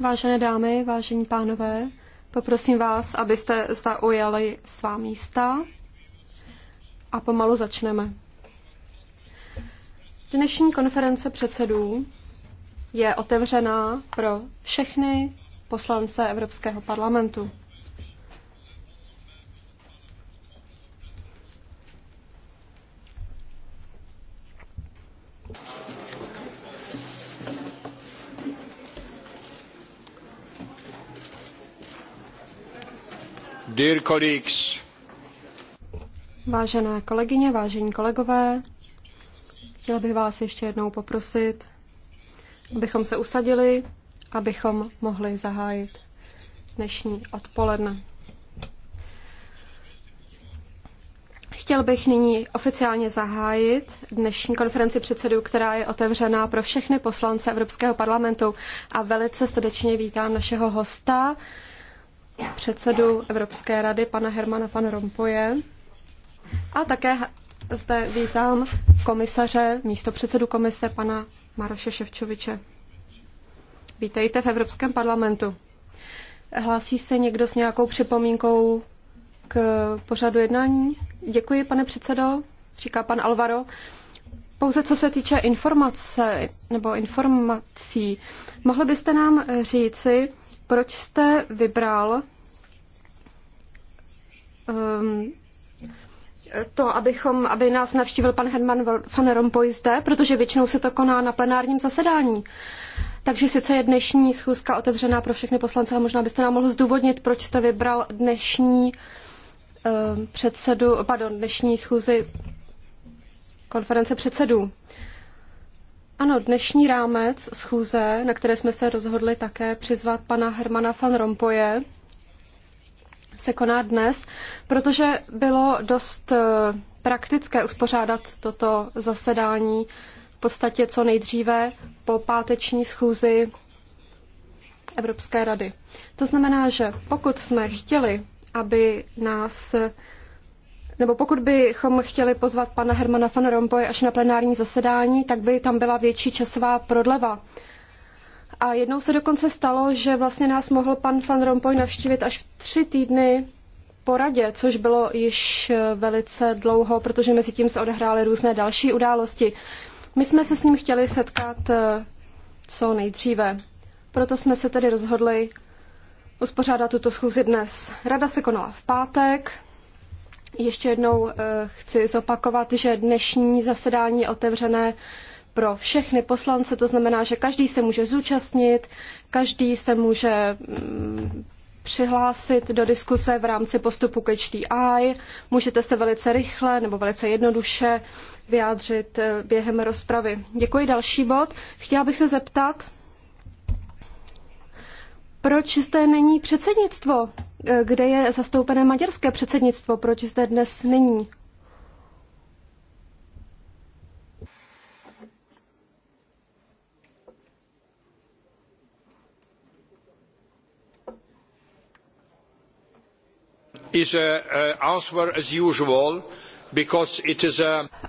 Vážené dámy, vážení pánové, poprosím vás, abyste zaujali svá místa a pomalu začneme. Dnešní konference předsedů je otevřená pro všechny poslance Evropského parlamentu. Dear colleagues. Vážené kolegyně, vážení kolegové, chtěl bych vás ještě jednou poprosit, abychom se usadili, abychom mohli zahájit dnešní odpoledne. Chtěl bych nyní oficiálně zahájit dnešní konferenci předsedů, která je otevřená pro všechny poslance Evropského parlamentu a velice srdečně vítám našeho hosta, předsedu Evropské rady pana Hermana van Rompuye a také zde vítám komisaře, místo předsedu komise pana Maroše Ševčoviče. Vítejte v Evropském parlamentu. Hlásí se někdo s nějakou připomínkou k pořadu jednání? Děkuji, pane předsedo, říká pan Alvaro. Pouze co se týče informace nebo informací, mohli byste nám říci, proč jste vybral um, to, abychom, aby nás navštívil pan Herman van Rompuy zde, protože většinou se to koná na plenárním zasedání. Takže sice je dnešní schůzka otevřená pro všechny poslance, ale možná byste nám mohl zdůvodnit, proč jste vybral dnešní uh, předsedu, pardon, dnešní schůzi konference předsedů. Ano, dnešní rámec schůze, na které jsme se rozhodli také přizvat pana Hermana van Rompoje, se koná dnes, protože bylo dost eh, praktické uspořádat toto zasedání v podstatě co nejdříve po páteční schůzi Evropské rady. To znamená, že pokud jsme chtěli, aby nás nebo pokud bychom chtěli pozvat pana Hermana van Rompuy až na plenární zasedání, tak by tam byla větší časová prodleva. A jednou se dokonce stalo, že vlastně nás mohl pan van Rompuy navštívit až tři týdny po radě, což bylo již eh, velice dlouho, protože mezi tím se odehrály různé další události. My jsme se s ním chtěli setkat eh, co nejdříve. Proto jsme se tedy rozhodli uspořádat tuto schůzi dnes. Rada se konala v pátek, ještě jednou eh, chci zopakovat, že dnešní zasedání je otevřené pro všechny poslance, to znamená, že každý se může zúčastnit, každý se může mm, přihlásit do diskuse v rámci postupu k HDI. Můžete se velice rychle nebo velice jednoduše vyjádřit eh, během rozpravy. Děkuji. Další bod. Chtěla bych se zeptat, proč zde není předsednictvo? kde je zastoupené maďarské předsednictvo? Proč zde dnes není?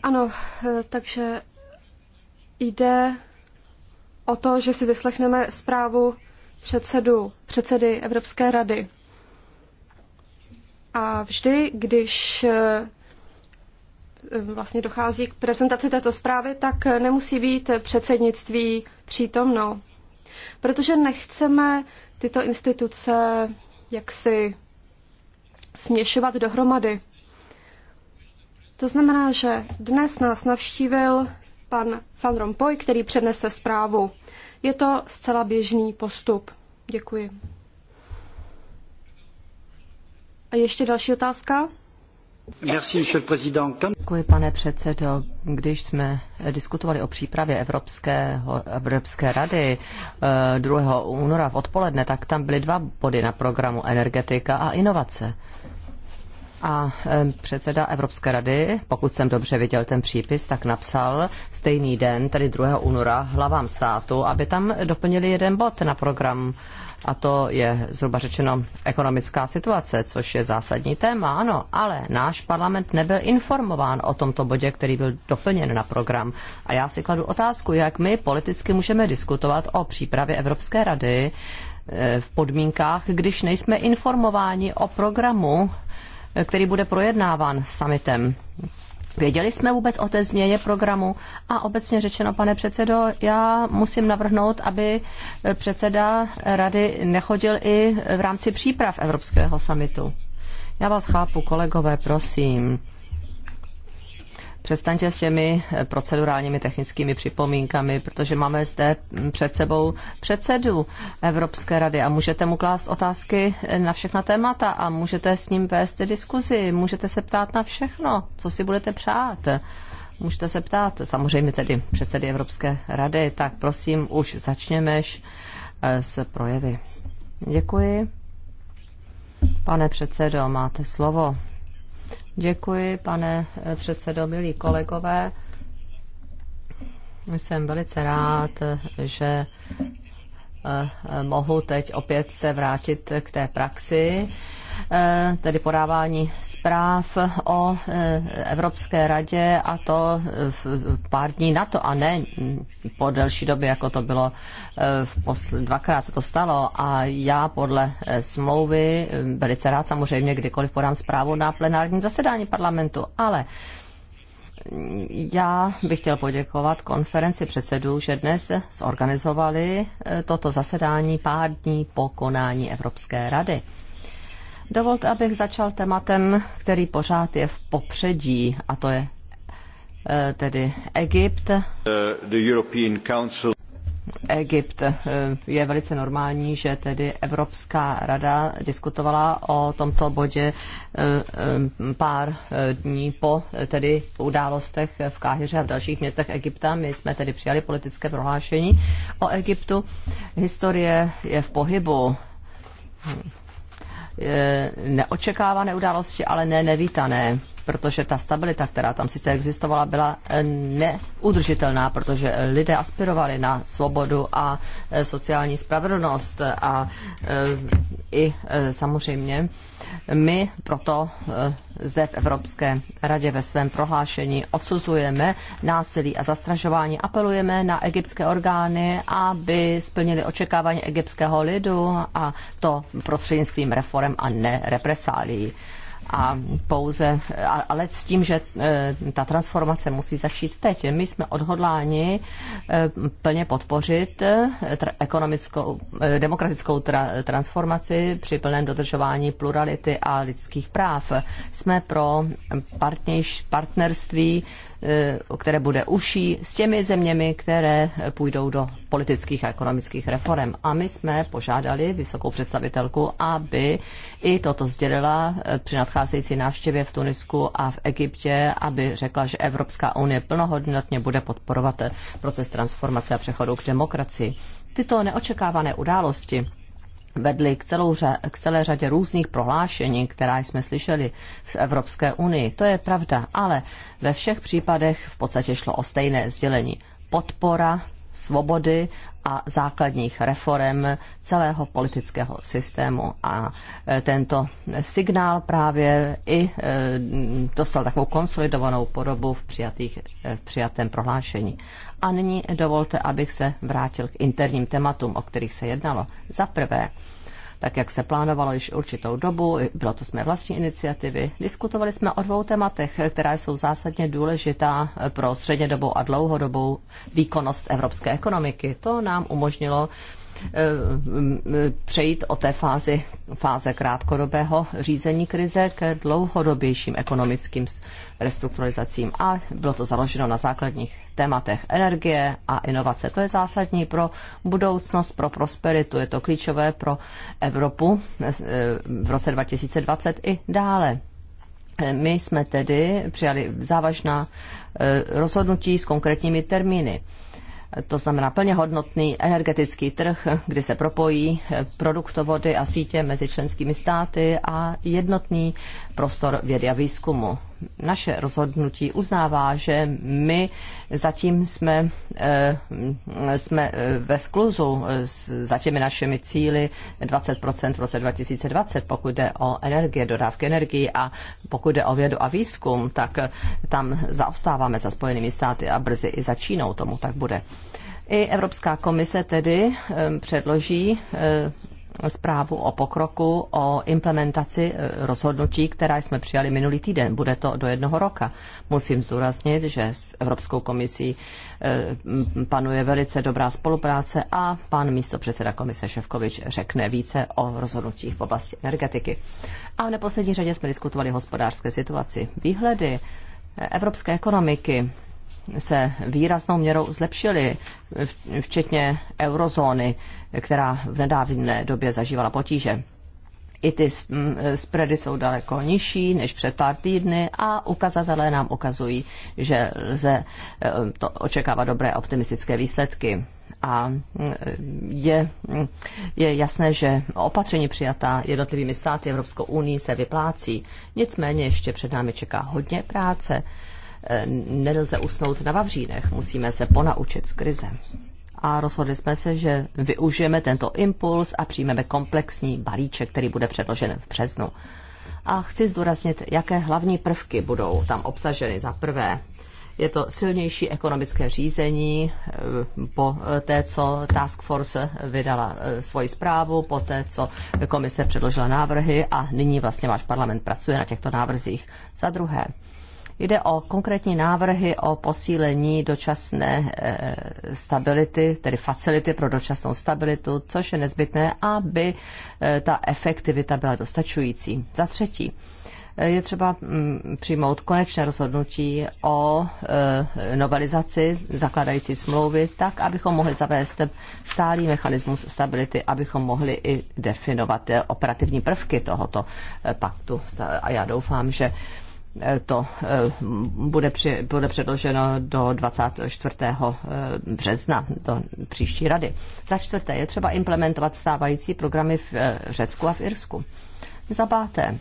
Ano, takže jde o to, že si vyslechneme zprávu předsedu, předsedy Evropské rady. A vždy, když eh, vlastně dochází k prezentaci této zprávy, tak nemusí být předsednictví přítomno, protože nechceme tyto instituce jaksi směšovat dohromady. To znamená, že dnes nás navštívil pan Van Rompuy, který přednese zprávu. Je to zcela běžný postup. Děkuji. Ještě další otázka? Děkuji, pane předsedo. Když jsme diskutovali o přípravě Evropského, Evropské rady 2. Eh, února v odpoledne, tak tam byly dva body na programu energetika a inovace. A eh, předseda Evropské rady, pokud jsem dobře viděl ten přípis, tak napsal stejný den, tedy 2. února, hlavám státu, aby tam doplnili jeden bod na program uh, a to je zhruba řečeno ekonomická situace, což je zásadní téma, ano, ale náš parlament nebyl informován o tomto bodě, který byl doplněn na program. A já si kladu otázku, jak my politicky můžeme diskutovat o přípravě Evropské rady eh, v podmínkách, když nejsme informováni o programu, eh, který bude projednáván summitem. Věděli jsme vůbec o té změně programu a obecně řečeno, pane předsedo, já musím navrhnout, aby eh, předseda rady nechodil i v rámci příprav Evropského samitu. Já vás chápu, kolegové, prosím přestaňte s těmi eh, procedurálními technickými připomínkami, protože máme zde mm, před sebou předsedu Evropské rady a můžete mu klást otázky eh, na všechna témata a můžete s ním vést diskuzi, můžete se ptát na všechno, co si budete přát. Můžete se ptát, samozřejmě tedy předsedy Evropské rady, tak prosím, už začněmeš eh, s projevy. Děkuji. Pane předsedo, máte slovo. Děkuji, pane eh, předsedo, milí kolegové. Jsem velice rád, že eh, eh, mohu teď opět se vrátit k té praxi Eh, tedy podávání zpráv o eh, Evropské radě a to v pár dní na to a ne po delší době, jako to bylo eh, v posl- dvakrát se to stalo a já podle smlouvy velice rád samozřejmě kdykoliv podám zprávu na plenárním zasedání parlamentu, ale já bych chtěl poděkovat konferenci předsedů, že dnes zorganizovali toto zasedání pár dní po konání Evropské rady. Dovolte, abych začal tématem, který pořád je v popředí, a to je eh, tedy Egypt. Eh, the European Council. Egypt eh, je velice normální, že tedy Evropská rada diskutovala o tomto bodě pár dní po tedy událostech v Káhiře a v dalších městech Egypta. My jsme tedy přijali politické prohlášení o Egyptu. Historie je v pohybu Eh, neočekávané události, ale ne nevítané protože ta stabilita, která tam sice existovala, byla eh, neudržitelná, protože lidé aspirovali na svobodu a eh, sociální spravedlnost a eh, i samozřejmě my proto zde v Evropské radě ve svém prohlášení odsuzujeme násilí a zastražování. Apelujeme na egyptské orgány, aby splnili očekávání egyptského lidu a to prostřednictvím reform a ne represálií a pouze, ale s tím, že e, ta transformace musí začít teď. My jsme odhodláni e, plně podpořit e, ekonomickou, demokratickou transformaci při plném dodržování plurality a lidských práv. Jsme pro partnerství Eh, které bude uší s těmi zeměmi, které půjdou do politických a ekonomických reform. A my jsme požádali vysokou představitelku, aby i toto sdělila eh, při nadcházející návštěvě v Tunisku a v Egyptě, aby řekla, že Evropská unie plnohodnotně bude podporovat eh, proces transformace a přechodu k demokracii. Tyto neočekávané události vedly k, celou ře- k celé řadě různých prohlášení, která jsme slyšeli v Evropské unii. To je pravda, ale ve všech případech v podstatě šlo o stejné sdělení. Podpora svobody a základních reform celého politického systému. A e, tento signál právě i e, dostal takovou konsolidovanou podobu v, přijatých, e, v přijatém prohlášení. A nyní dovolte, abych se vrátil k interním tématům, o kterých se jednalo. Za prvé, tak jak se plánovalo již určitou dobu, bylo to jsme vlastní iniciativy. Diskutovali jsme o dvou tématech, která jsou zásadně důležitá pro střednědobou a dlouhodobou výkonnost evropské ekonomiky. To nám umožnilo Eh, přejít od té fázi fáze krátkodobého řízení krize k dlouhodobějším ekonomickým restrukturalizacím. A bylo to založeno na základních tématech energie a inovace. To je zásadní pro budoucnost, pro prosperitu. Je to klíčové pro Evropu eh, v roce 2020 i dále. Eh, my jsme tedy přijali závažná rozhodnutí s konkrétními termíny to znamená plně hodnotný energetický trh, kdy se propojí produktovody a sítě mezi členskými státy a jednotný prostor vědy a výzkumu naše rozhodnutí uznává, že my zatím jsme, eh, jsme eh, ve skluzu eh, za těmi našimi cíly 20% v roce 2020, pokud jde o energie, dodávky energii a pokud jde o vědu a výzkum, tak tam zaostáváme za Spojenými státy a brzy i za Čínou tomu tak bude. I Evropská komise tedy předloží zprávu o pokroku, o implementaci e, rozhodnutí, která jsme přijali minulý týden. Bude to do jednoho roka. Musím zdůraznit, že s Evropskou komisí e, panuje velice dobrá spolupráce a pan místo předseda komise Ševkovič řekne více o rozhodnutích v oblasti energetiky. A v neposlední řadě jsme diskutovali hospodářské situaci. Výhledy e, evropské ekonomiky se výraznou měrou zlepšily, včetně eurozóny která v nedávné době zažívala potíže. I ty spready jsou daleko nižší než před pár týdny a ukazatelé nám ukazují, že lze e, to očekávat dobré optimistické výsledky. A je, je jasné, že opatření přijatá jednotlivými státy Evropskou unii se vyplácí. Nicméně ještě před námi čeká hodně práce. E, nelze usnout na Vavřínech, musíme se ponaučit z krize a rozhodli jsme se, že využijeme tento impuls a přijmeme komplexní balíček, který bude předložen v březnu. A chci zdůraznit, jaké hlavní prvky budou tam obsaženy. Za prvé, je to silnější ekonomické řízení eh, po té, co Task Force vydala eh, svoji zprávu, po té, co komise předložila návrhy a nyní vlastně váš parlament pracuje na těchto návrzích. Za druhé, Jde o konkrétní návrhy o posílení dočasné eh, stability, tedy facility pro dočasnou stabilitu, což je nezbytné, aby eh, ta efektivita byla dostačující. Za třetí, eh, je třeba mm, přijmout konečné rozhodnutí o novelizaci zakladající smlouvy tak, abychom mohli zavést stálý mechanismus stability, abychom mohli i definovat operativní prvky tohoto paktu. A já doufám, že to eh, bude, při, bude předloženo do 24. Eh, března, do příští rady. Za čtvrté je třeba implementovat stávající programy v eh, Řecku a v Irsku. Za páté,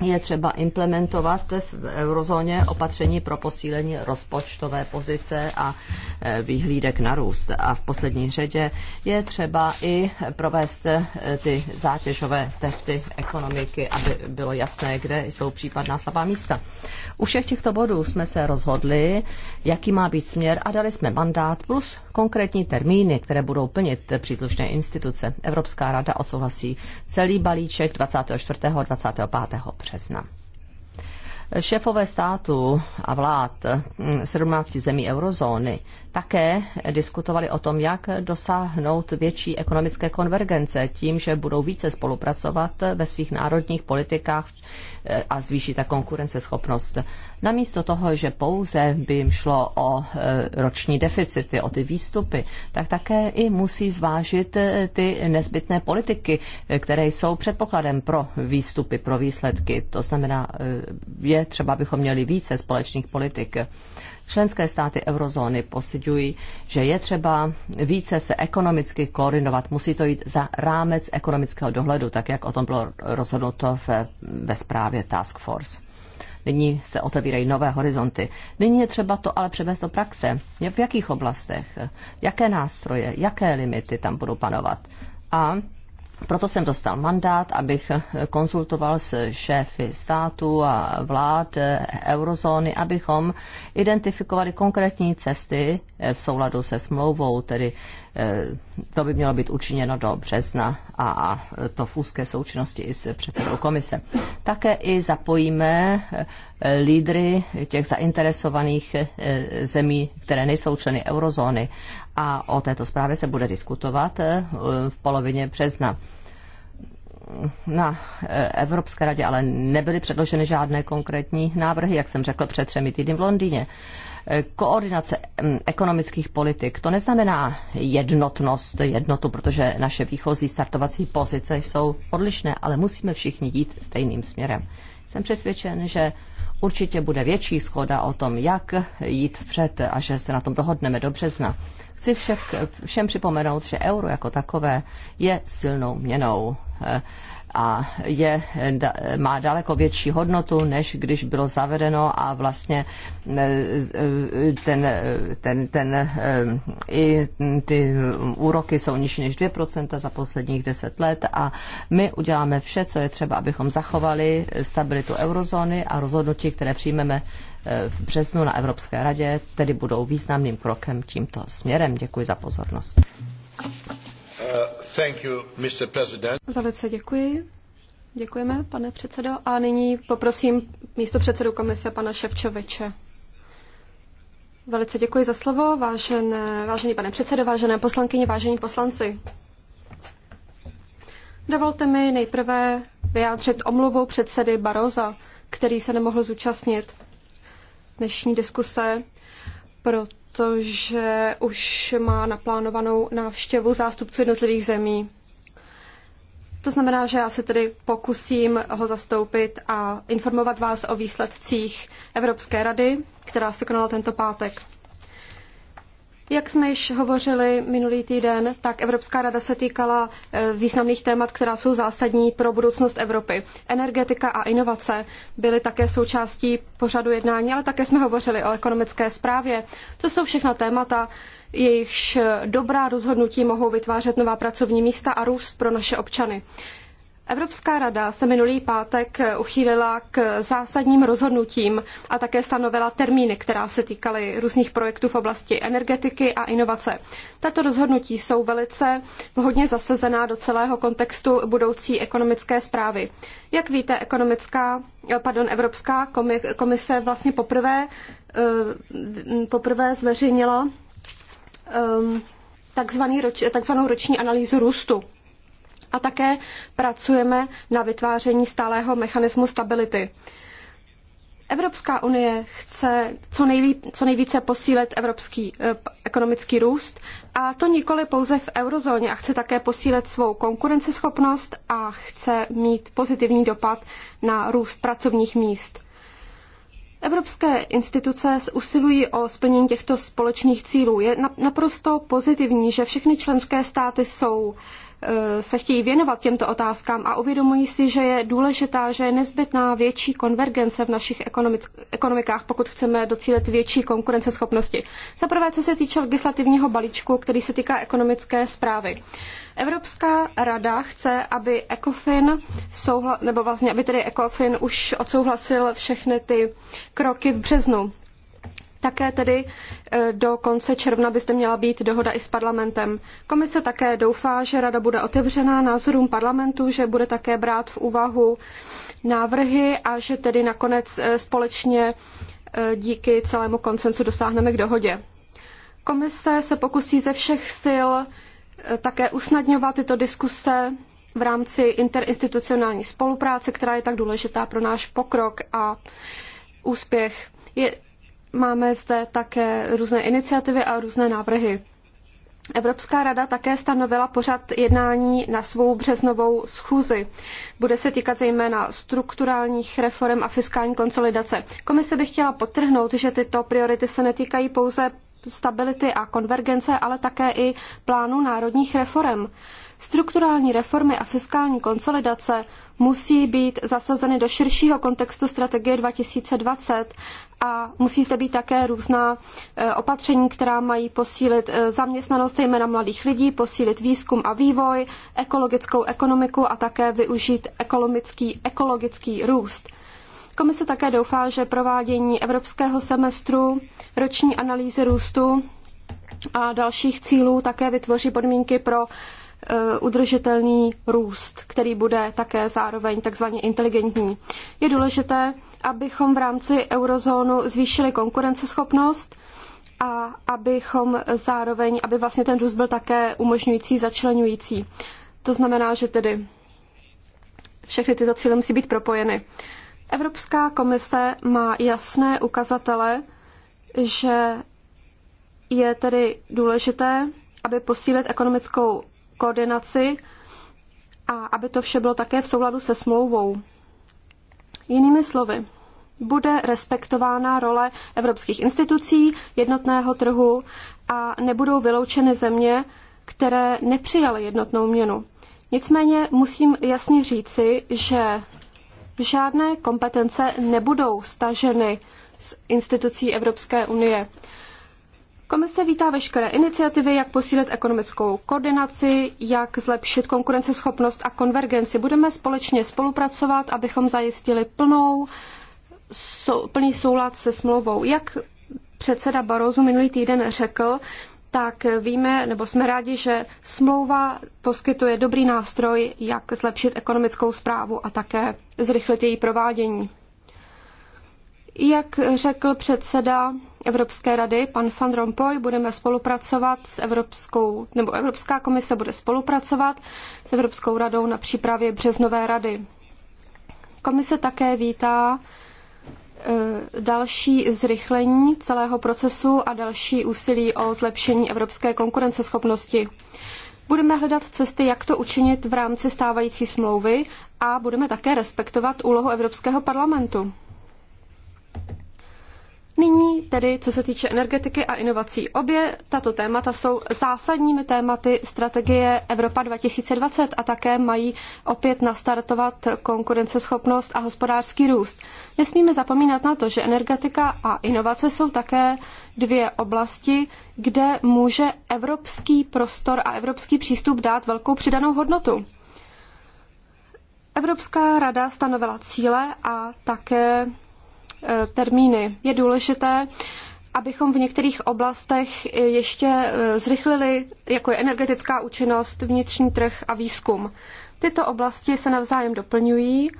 je třeba implementovat v eurozóně opatření pro posílení rozpočtové pozice a e, výhlídek na růst. A v poslední řadě je třeba i provést e, ty zátěžové testy ekonomiky, aby bylo jasné, kde jsou případná slabá místa. U všech těchto bodů jsme se rozhodli, jaký má být směr a dali jsme mandát plus konkrétní termíny, které budou plnit příslušné instituce. Evropská rada odsouhlasí celý balíček 24. a 25. března. Šéfové států a vlád 17 hm, zemí eurozóny také diskutovali o tom, jak dosáhnout větší ekonomické konvergence tím, že budou více spolupracovat ve svých národních politikách a zvýší ta konkurenceschopnost. Namísto toho, že pouze by jim šlo o e, roční deficity, o ty výstupy, tak také i musí zvážit e, ty nezbytné politiky, e, které jsou předpokladem pro výstupy, pro výsledky. To znamená, je třeba, abychom měli více společných politik. Členské státy eurozóny posidují, že je třeba více se ekonomicky koordinovat. Musí to jít za rámec ekonomického dohledu, tak jak o tom bylo rozhodnuto ve, ve zprávě Task Force. Nyní se otevírají nové horizonty. Nyní je třeba to ale převést do praxe. V jakých oblastech, jaké nástroje, jaké limity tam budou panovat. A proto jsem dostal mandát, abych konzultoval s šéfy států a vlád eurozóny, abychom identifikovali konkrétní cesty eh, v souladu se smlouvou, tedy eh, to by mělo být učiněno do března a to v úzké součinnosti i s předsedou komise. Také i zapojíme eh, lídry těch zainteresovaných zemí, které nejsou členy eurozóny, a o této zprávě se bude diskutovat eh, v polovině března. Na eh, Evropské radě ale nebyly předloženy žádné konkrétní návrhy, jak jsem řekl před třemi týdny v Londýně. Eh, koordinace mm, ekonomických politik, to neznamená jednotnost, jednotu, protože naše výchozí startovací pozice jsou odlišné, ale musíme všichni jít stejným směrem. Jsem přesvědčen, že určitě bude větší schoda o tom, jak jít vpřed a že se na tom dohodneme do března. Chci však všem připomenout, že euro jako takové je silnou měnou a je, má daleko větší hodnotu, než když bylo zavedeno a vlastně e, e, ten, ten, ten, e, i ty úroky jsou nižší než 2% za posledních 10 let a my uděláme vše, co je třeba, abychom zachovali stabilitu eurozóny a rozhodnutí, které přijmeme v březnu na Evropské radě, tedy budou významným krokem tímto směrem. Děkuji za pozornost. Uh, thank you, Mr. President. Velice děkuji. Děkujeme, pane předsedo. A nyní poprosím místo předsedu komise, pana Ševčoviče. Velice děkuji za slovo, vážené, vážený pane předsedo, vážené poslankyně, vážení poslanci. Dovolte mi nejprve vyjádřit omluvu předsedy Baroza, který se nemohl zúčastnit dnešní diskuse, proto protože už má naplánovanou návštěvu zástupců jednotlivých zemí. To znamená, že já se tedy pokusím ho zastoupit a informovat vás o výsledcích Evropské rady, která se konala tento pátek. Jak jsme již hovořili minulý týden, tak Evropská rada se týkala eh, významných témat, která jsou zásadní pro budoucnost Evropy. Energetika a inovace byly také součástí pořadu jednání, ale také jsme hovořili o ekonomické správě. To jsou všechna témata, jejichž eh, dobrá rozhodnutí mohou vytvářet nová pracovní místa a růst pro naše občany. Evropská rada se minulý pátek uchýlila k zásadním rozhodnutím a také stanovila termíny, která se týkaly různých projektů v oblasti energetiky a inovace. Tato rozhodnutí jsou velice vhodně zasazená do celého kontextu budoucí ekonomické zprávy. Jak víte, ekonomická, pardon, Evropská komise vlastně poprvé, eh, poprvé zveřejnila ehm, takzvanou roční analýzu růstu a také pracujeme na vytváření stálého mechanismu stability. Evropská unie chce co, nejlíp, co nejvíce posílit evropský eh, ekonomický růst a to nikoli pouze v eurozóně a chce také posílit svou konkurenceschopnost a chce mít pozitivní dopad na růst pracovních míst. Evropské instituce usilují o splnění těchto společných cílů. Je naprosto pozitivní, že všechny členské státy jsou Eh, se chtějí věnovat těmto otázkám a uvědomují si, že je důležitá, že je nezbytná větší konvergence v našich ekonomikách, pokud chceme docílit větší konkurenceschopnosti. Za prvé, co se týče legislativního balíčku, který se týká ekonomické zprávy. Evropská rada chce, aby ECOFIN, souhla, nebo vlastně, aby tedy ECOFIN už odsouhlasil všechny ty kroky v březnu. Také tedy e, do konce června byste měla být dohoda i s parlamentem. Komise také doufá, že rada bude otevřená názorům parlamentu, že bude také brát v úvahu návrhy a že tedy nakonec e, společně e, díky celému koncensu dosáhneme k dohodě. Komise se pokusí ze všech sil také usnadňovat tyto diskuse v rámci interinstitucionální spolupráce, která je tak důležitá pro náš pokrok a úspěch. Je máme zde také různé iniciativy a různé návrhy. Evropská rada také stanovila pořad jednání na svou březnovou schůzi. Bude se týkat zejména strukturálních reform a fiskální konsolidace. Komise by chtěla potrhnout, že tyto priority se netýkají pouze stability a konvergence, ale také i plánu národních reform. Strukturální reformy a fiskální konsolidace musí být zasazeny do širšího kontextu strategie 2020 a musí zde být také různá e, opatření, která mají posílit e, zaměstnanost zejména mladých lidí, posílit výzkum a vývoj, ekologickou ekonomiku a také využít ekonomický, ekologický růst. Komise také doufá, že provádění evropského semestru, roční analýzy růstu a dalších cílů také vytvoří podmínky pro Eh, udržitelný růst, který bude také zároveň takzvaně inteligentní. Je důležité, abychom v rámci eurozónu zvýšili konkurenceschopnost a abychom zároveň, aby vlastně ten růst byl také umožňující, začlenující. To znamená, že tedy všechny tyto cíle musí být propojeny. Evropská komise má jasné ukazatele, že je tedy důležité, aby posílit ekonomickou koordinaci a aby to vše bylo také v souladu se smlouvou. Jinými slovy, bude respektována role evropských institucí, jednotného trhu a nebudou vyloučeny země, které nepřijaly jednotnou měnu. Nicméně musím jasně říci, že žádné kompetence nebudou staženy z institucí Evropské unie. Komise vítá veškeré iniciativy, jak posílit ekonomickou koordinaci, jak zlepšit konkurenceschopnost a konvergenci. Budeme společně spolupracovat, abychom zajistili plnou, sou, plný soulad se smlouvou. Jak předseda Barozu minulý týden řekl, tak víme, nebo jsme rádi, že smlouva poskytuje dobrý nástroj, jak zlepšit ekonomickou správu a také zrychlit její provádění. Jak řekl předseda Evropské rady, pan Van Rompuy, budeme spolupracovat s Evropskou, nebo Evropská komise bude spolupracovat s Evropskou radou na přípravě březnové rady. Komise také vítá eh, další zrychlení celého procesu a další úsilí o zlepšení evropské konkurenceschopnosti. Budeme hledat cesty, jak to učinit v rámci stávající smlouvy a budeme také respektovat úlohu Evropského parlamentu. Nyní tedy, co se týče energetiky a inovací, obě tato témata jsou zásadními tématy strategie Evropa 2020 a také mají opět nastartovat konkurenceschopnost a hospodářský růst. Nesmíme zapomínat na to, že energetika a inovace jsou také dvě oblasti, kde může evropský prostor a evropský přístup dát velkou přidanou hodnotu. Evropská rada stanovila cíle a také Eh, termíny. Je důležité, abychom v některých oblastech ještě eh, zrychlili, jako je energetická účinnost, vnitřní trh a výzkum. Tyto oblasti se navzájem doplňují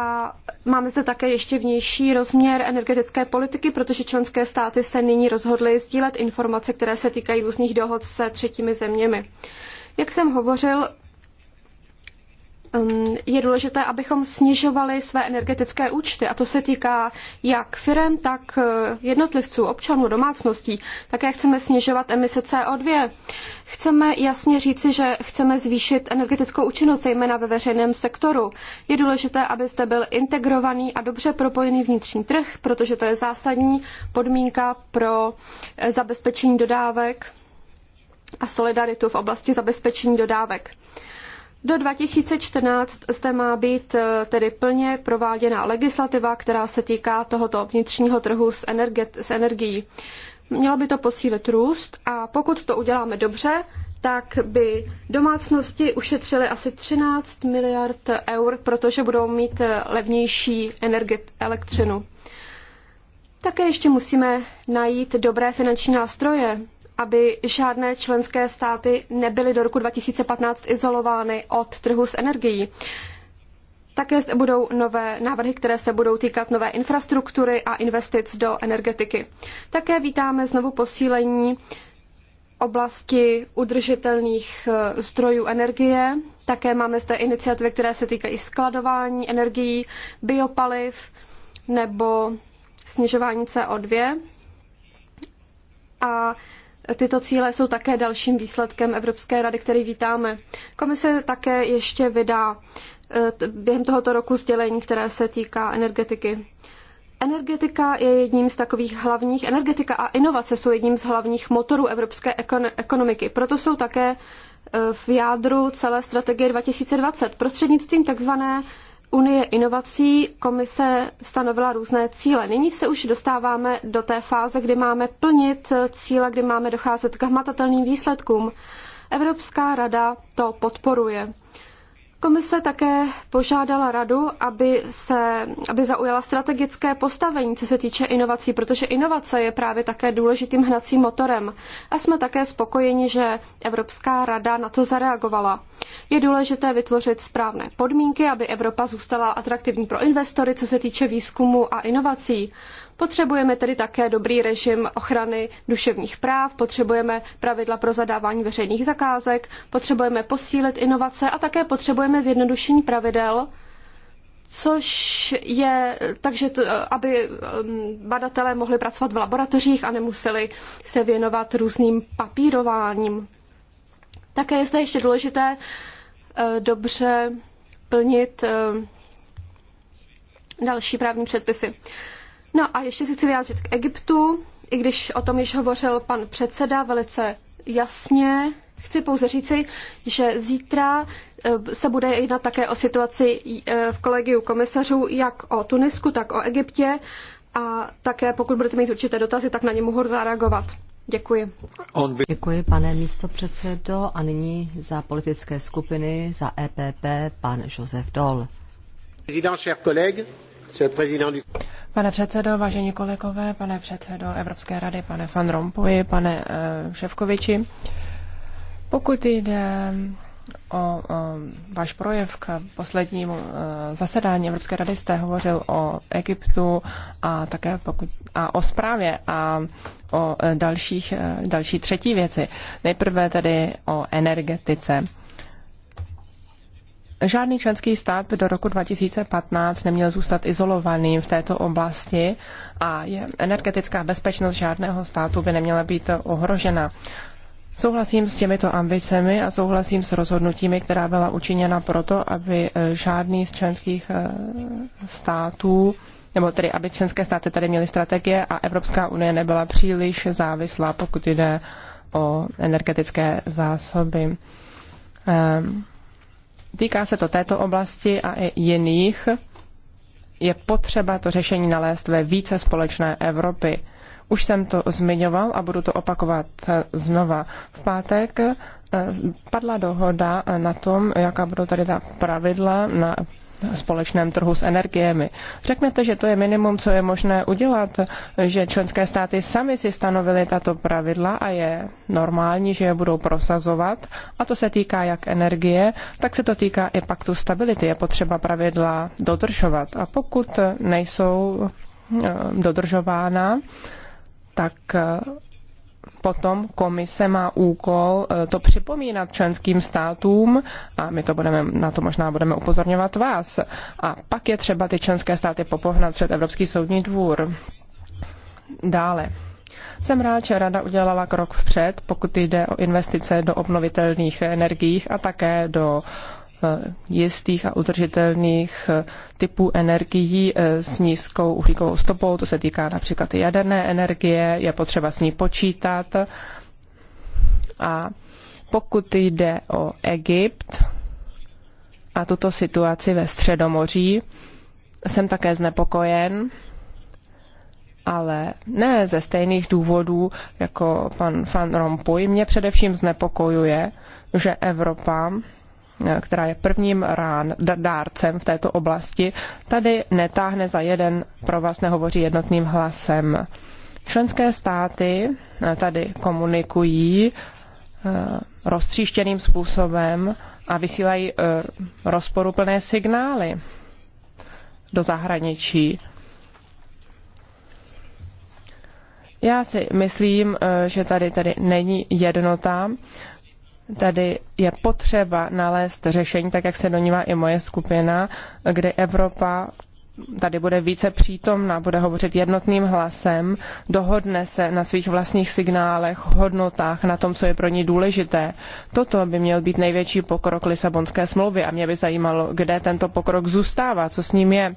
a máme zde také ještě vnější rozměr energetické politiky, protože členské státy se nyní rozhodly sdílet informace, které se týkají různých dohod se třetími zeměmi. Jak jsem hovořil, Ehm, je důležité, abychom snižovali své energetické účty a to se týká jak firem, tak eh, jednotlivců, občanů, domácností. Také chceme snižovat emise CO2. Chceme jasně říci, že chceme zvýšit energetickou účinnost, zejména ve veřejném sektoru. Je důležité, aby zde byl integrovaný a dobře propojený vnitřní trh, protože to je zásadní podmínka pro eh, zabezpečení dodávek a solidaritu v oblasti zabezpečení dodávek. Do 2014 zde má být eh, tedy plně prováděna legislativa, která se týká tohoto vnitřního trhu s, s energií. Mělo by to posílit růst a pokud to uděláme dobře, tak by domácnosti ušetřily asi 13 miliard eur, protože budou mít eh, levnější energet, elektřinu. Také ještě musíme najít dobré finanční nástroje aby žádné členské státy nebyly do roku 2015 izolovány od trhu s energií. Také zde budou nové návrhy, které se budou týkat nové infrastruktury a investic do energetiky. Také vítáme znovu posílení oblasti udržitelných eh, zdrojů energie. Také máme zde iniciativy, které se týkají skladování energií, biopaliv nebo snižování CO2. A Tyto cíle jsou také dalším výsledkem Evropské rady, který vítáme. Komise také ještě vydá eh, během tohoto roku sdělení, které se týká energetiky. Energetika je jedním z takových hlavních, energetika a inovace jsou jedním z hlavních motorů evropské ekonomiky. Proto jsou také eh, v jádru celé strategie 2020 prostřednictvím takzvané Unie inovací komise stanovila různé cíle. Nyní se už dostáváme do té fáze, kdy máme plnit cíle, kdy máme docházet k hmatatelným výsledkům. Evropská rada to podporuje. Komise také požádala radu, aby, se, aby zaujala strategické postavení, co se týče inovací, protože inovace je právě také důležitým hnacím motorem. A jsme také spokojeni, že Evropská rada na to zareagovala. Je důležité vytvořit správné podmínky, aby Evropa zůstala atraktivní pro investory, co se týče výzkumu a inovací. Potřebujeme tedy také dobrý režim ochrany duševních práv, potřebujeme pravidla pro zadávání veřejných zakázek, potřebujeme posílit inovace a také potřebujeme zjednodušení pravidel, což je, takže to, aby um, badatelé mohli pracovat v laboratořích a nemuseli se věnovat různým papírováním. Také je zde ještě důležité uh, dobře plnit uh, další právní předpisy. No a ještě se chci vyjádřit k Egyptu, i když o tom již hovořil pan předseda velice jasně. Chci pouze říci, že zítra eh, se bude jednat také o situaci eh, v kolegiu komisařů, jak o Tunisku, tak o Egyptě. A také pokud budete mít určité dotazy, tak na ně mohu zareagovat. Děkuji. Děkuji, pane místopředsedo. A nyní za politické skupiny, za EPP, pan Josef Dol. Président, chers Pane předsedo, vážení kolegové, pane předsedo Evropské rady, pane Van Rompuy, pane eh, Ševkoviči, pokud jde o, o váš projev k poslednímu eh, zasedání Evropské rady, jste hovořil o Egyptu a také pokud, a o zprávě a o eh, dalších, další třetí věci. Nejprve tedy o energetice. Žádný členský stát by do roku 2015 neměl zůstat izolovaným v této oblasti a je energetická bezpečnost žádného státu by neměla být ohrožena. Souhlasím s těmito ambicemi a souhlasím s rozhodnutími, která byla učiněna proto, aby eh, žádný z členských eh, států nebo tedy aby členské státy tady měly strategie a Evropská unie nebyla příliš závislá, pokud jde o energetické zásoby. Um, Týká se to této oblasti a i jiných. Je potřeba to řešení nalézt ve více společné Evropy. Už jsem to zmiňoval a budu to opakovat znova. V pátek eh, padla dohoda na tom, jaká budou tady ta pravidla na společném trhu s energiemi. Řeknete, že to je minimum, co je možné udělat, že členské státy sami si stanovily tato pravidla a je normální, že je budou prosazovat. A to se týká jak energie, tak se to týká i paktu stability. Je potřeba pravidla dodržovat. A pokud nejsou eh, dodržována, tak eh, potom komise má úkol e, to připomínat členským státům a my to budeme, na to možná budeme upozorňovat vás. A pak je třeba ty členské státy popohnat před Evropský soudní dvůr. Dále. Jsem rád, že Rada udělala krok vpřed, pokud jde o investice do obnovitelných energií a také do Eh, jistých a udržitelných eh, typů energií eh, s nízkou uhlíkovou stopou. To se týká například jaderné energie, je potřeba s ní počítat. A pokud jde o Egypt a tuto situaci ve Středomoří, jsem také znepokojen, ale ne ze stejných důvodů, jako pan Van Rompuy. Mě především znepokojuje, že Evropa která je prvním rán, dárcem v této oblasti, tady netáhne za jeden pro vás nehovoří jednotným hlasem. Členské státy eh, tady komunikují eh, roztříštěným způsobem a vysílají eh, rozporuplné signály do zahraničí. Já si myslím, že tady tady není jednota tady je potřeba nalézt řešení, tak jak se donívá i moje skupina, kdy Evropa tady bude více přítomna, bude hovořit jednotným hlasem, dohodne se na svých vlastních signálech, hodnotách, na tom, co je pro ní důležité. Toto by měl být největší pokrok Lisabonské smlouvy a mě by zajímalo, kde tento pokrok zůstává, co s ním je.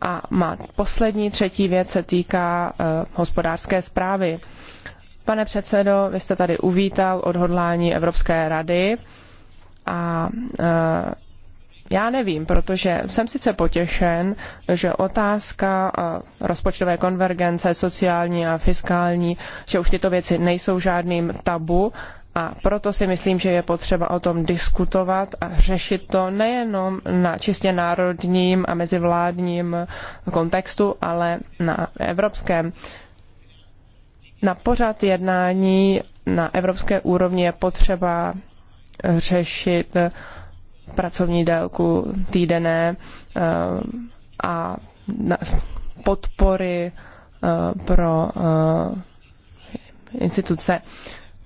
A má poslední třetí věc se týká uh, hospodářské zprávy. Uh, Pane předsedo, vy jste tady uvítal odhodlání Evropské rady a e, já nevím, protože jsem sice potěšen, že otázka e, rozpočtové konvergence, sociální a fiskální, že už tyto věci nejsou žádným tabu, a proto si myslím, že je potřeba o tom diskutovat a řešit to nejenom na čistě národním a mezivládním kontextu, ale na evropském. Na pořad jednání na evropské úrovni je potřeba řešit pracovní délku týdené eh, a podpory eh, pro eh, instituce.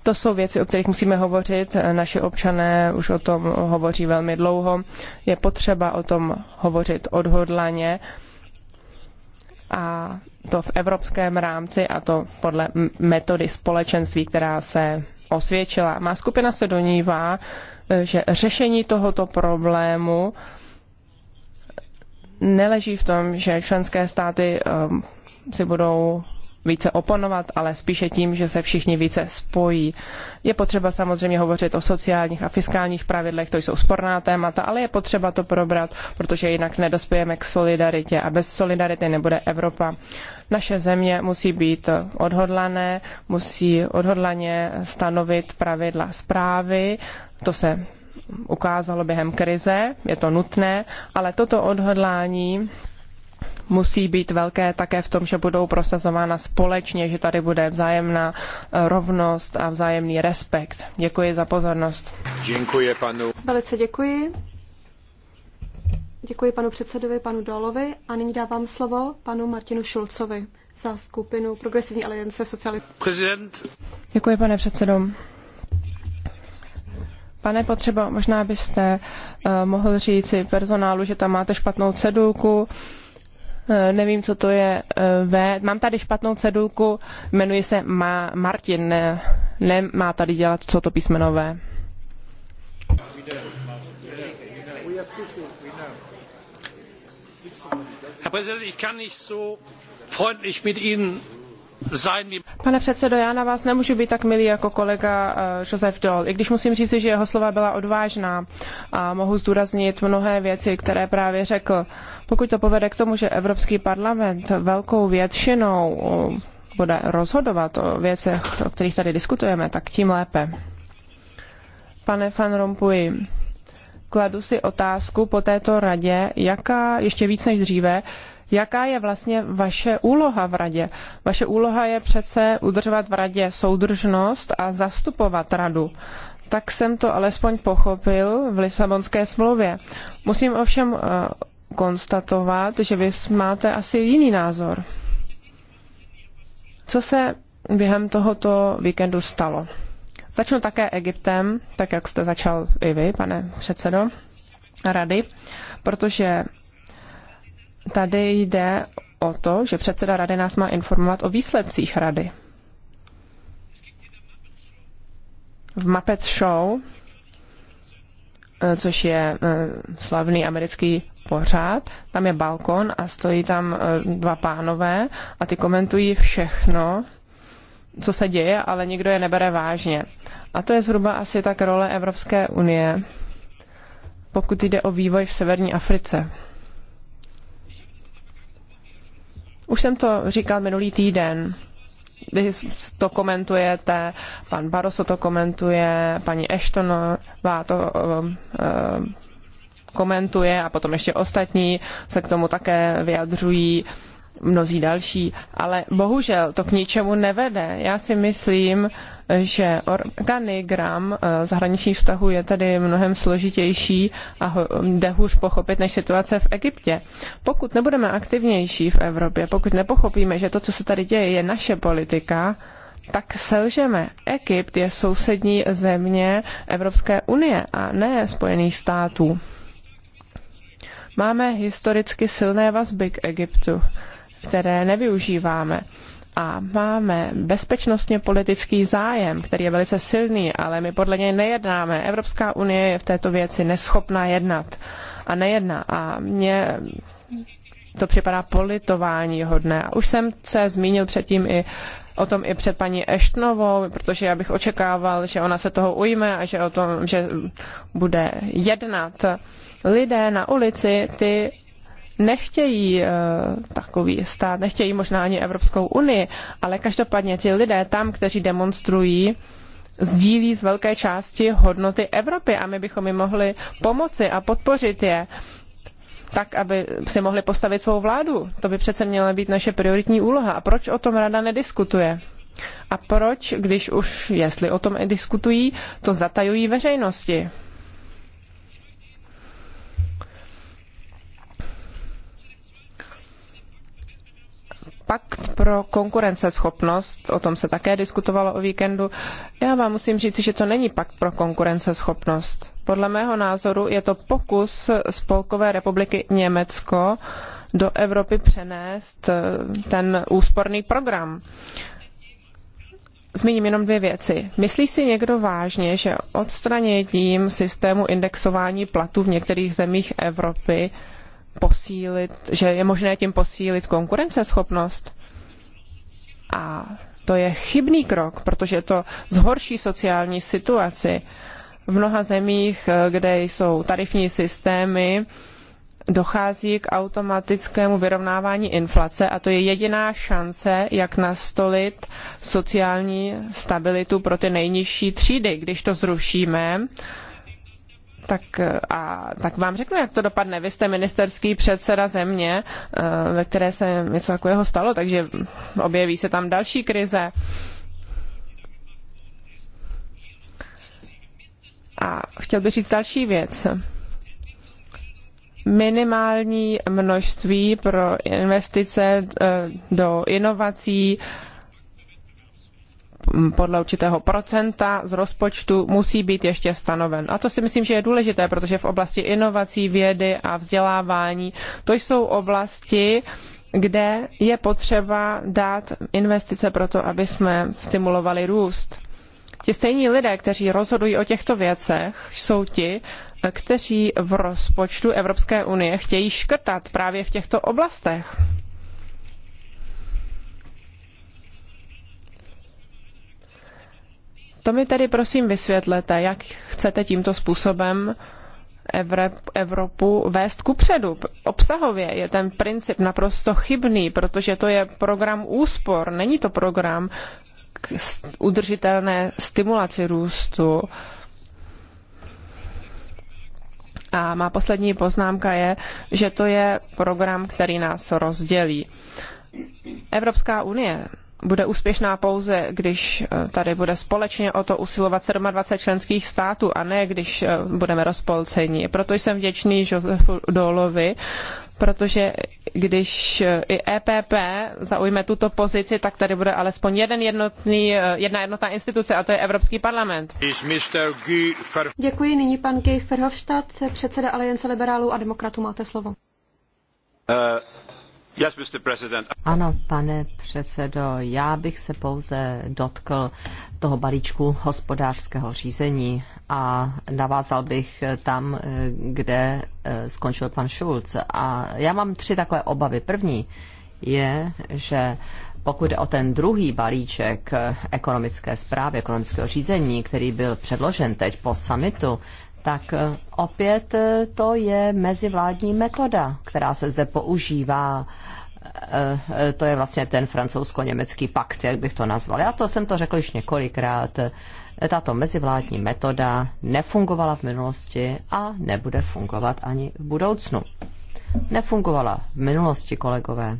To jsou věci, o kterých musíme hovořit. Naši občané už o tom hovoří velmi dlouho. Je potřeba o tom hovořit odhodlaně a to v evropském rámci a to podle metody společenství, která se osvědčila. Má skupina se donívá, e, že řešení tohoto problému neleží v tom, že členské státy e, si budou více oponovat, ale spíše tím, že se všichni více spojí. Je potřeba samozřejmě hovořit o sociálních a fiskálních pravidlech, to jsou sporná témata, ale je potřeba to probrat, protože jinak nedospějeme k solidaritě a bez solidarity nebude Evropa. Naše země musí být odhodlané, musí odhodlaně stanovit pravidla zprávy, to se ukázalo během krize, je to nutné, ale toto odhodlání musí být velké také v tom, že budou prosazována společně, že tady bude vzájemná eh, rovnost a vzájemný respekt. Děkuji za pozornost. Děkuji panu. Velice děkuji. Děkuji panu předsedovi, panu Dolovi a nyní dávám slovo panu Martinu Šulcovi za skupinu Progresivní aliance socialistů. Prezident. Děkuji, pane předsedo. Pane potřeba, možná byste uh, mohl říci personálu, že tam máte špatnou cedulku. Uh, Eh, nevím, co to je eh, V. Mám tady špatnou cedulku, jmenuji se Ma- Martin, ne, nemá tady dělat, co to písmeno V. Pane předsedo, já na vás nemůžu být tak milý jako kolega eh, Josef Dol, i když musím říct, že jeho slova byla odvážná a mohu zdůraznit mnohé věci, které právě řekl. Uh, pokud to povede k tomu, že Evropský parlament velkou většinou bude rozhodovat o věcech, o kterých tady diskutujeme, tak tím lépe. Pane Van Rompuy, kladu si otázku po této radě, jaká ještě víc než dříve, jaká je vlastně vaše úloha v radě. Vaše úloha je přece udržovat v radě soudržnost a zastupovat radu. Tak jsem to alespoň pochopil v Lisabonské smlouvě. Musím ovšem konstatovat, že vy máte asi jiný názor. Co se během tohoto víkendu stalo? Začnu také Egyptem, tak jak jste začal i vy, pane předsedo rady, protože tady jde o to, že předseda rady nás má informovat o výsledcích rady. V Muppet Show, eh, což je eh, slavný americký pořád, tam je balkon a stojí tam e, dva pánové a ty komentují všechno, co se děje, ale nikdo je nebere vážně. A to je zhruba asi tak role Evropské unie, pokud jde o vývoj v severní Africe. Už jsem to říkal minulý týden. kdy to komentujete, pan Barroso to komentuje, paní Eštonová to uh, uh, komentuje a potom ještě ostatní se k tomu také vyjadřují mnozí další, ale bohužel to k ničemu nevede. Já si myslím, že organigram eh, zahraničních vztahů je tady mnohem složitější a jde hůř pochopit než situace v Egyptě. Pokud nebudeme aktivnější v Evropě, pokud nepochopíme, že to, co se tady děje, je naše politika, tak selžeme. Egypt je sousední země Evropské unie a ne Spojených států. Máme historicky silné vazby k Egyptu, které nevyužíváme a máme bezpečnostně politický zájem, který je velice silný, ale my podle něj nejednáme. Evropská unie je v této věci neschopná jednat a nejedná. A mně to připadá politování hodné. Už jsem se zmínil předtím i o tom i před paní Eštnovou, protože já bych očekával, že ona se toho ujme a že o tom, že bude jednat. Lidé na ulici, ty nechtějí uh, takový stát, nechtějí možná ani Evropskou unii, ale každopádně ti lidé tam, kteří demonstrují, sdílí z velké části hodnoty Evropy a my bychom jim mohli pomoci a podpořit je. Uh, tak, aby si mohli postavit svou vládu. To by přece měla být naše prioritní úloha. A proč o tom rada nediskutuje? A proč, když už, jestli o tom i diskutují, to zatajují veřejnosti? Pakt pro konkurenceschopnost, o tom se také diskutovalo o víkendu. Já vám musím říci, že to není pakt pro konkurenceschopnost. Podle mého názoru je to pokus Spolkové republiky Německo do Evropy přenést eh, ten úsporný program. Zmíním jenom dvě věci. Myslí si někdo vážně, že odstraněním systému indexování platů v některých zemích Evropy posílit, že je možné tím posílit konkurenceschopnost. A to je chybný krok, protože to zhorší sociální situaci. V mnoha zemích, eh, kde jsou tarifní systémy, dochází k automatickému vyrovnávání inflace a to je jediná šance, jak nastolit sociální stabilitu pro ty nejnižší třídy. Když to zrušíme, tak, a, tak vám řeknu, jak to dopadne. Vy jste ministerský předseda země, eh, ve které se něco takového stalo, takže objeví se tam další krize. A chtěl bych říct další věc. Minimální množství pro investice eh, do inovací, podle určitého procenta z rozpočtu musí být ještě stanoven. A to si myslím, že je důležité, protože v oblasti inovací, vědy a vzdělávání to jsou oblasti, kde je potřeba dát investice pro to, aby jsme stimulovali růst. Ti stejní lidé, kteří rozhodují o těchto věcech, jsou ti, kteří v rozpočtu Evropské unie chtějí škrtat právě v těchto oblastech. To mi tedy prosím vysvětlete, jak chcete tímto způsobem Evropu vést kupředu. Obsahově je ten princip naprosto chybný, protože to je program úspor, není to program k udržitelné stimulaci růstu. A má poslední poznámka je, že to je program, který nás rozdělí. Evropská unie bude úspěšná pouze, když eh, tady bude společně o to usilovat 27 členských států a ne, když eh, budeme rozpolceni. Proto jsem vděčný Josefu Dolovi, protože když eh, i EPP zaujme tuto pozici, tak tady bude alespoň jeden jednotný, jedna jednotná instituce a to je Evropský parlament. Děkuji. Nyní pan Guy Verhofstadt, předseda Aliance liberálů a demokratů. Máte slovo. Uh... Ano, pane předsedo, já bych se pouze dotkl toho balíčku hospodářského řízení a navázal bych tam, kde eh, skončil pan Schulz. A já mám tři takové obavy. První je, že pokud jde o ten druhý balíček eh, ekonomické zprávy, ekonomického řízení, který byl předložen teď po summitu, tak eh, opět eh, to je mezivládní metoda, která se zde používá. Eh, to je vlastně ten francouzsko-německý pakt, jak bych to nazval. Já to jsem to řekl již několikrát. Tato mezivládní metoda nefungovala v minulosti a nebude fungovat ani v budoucnu. Nefungovala v minulosti, kolegové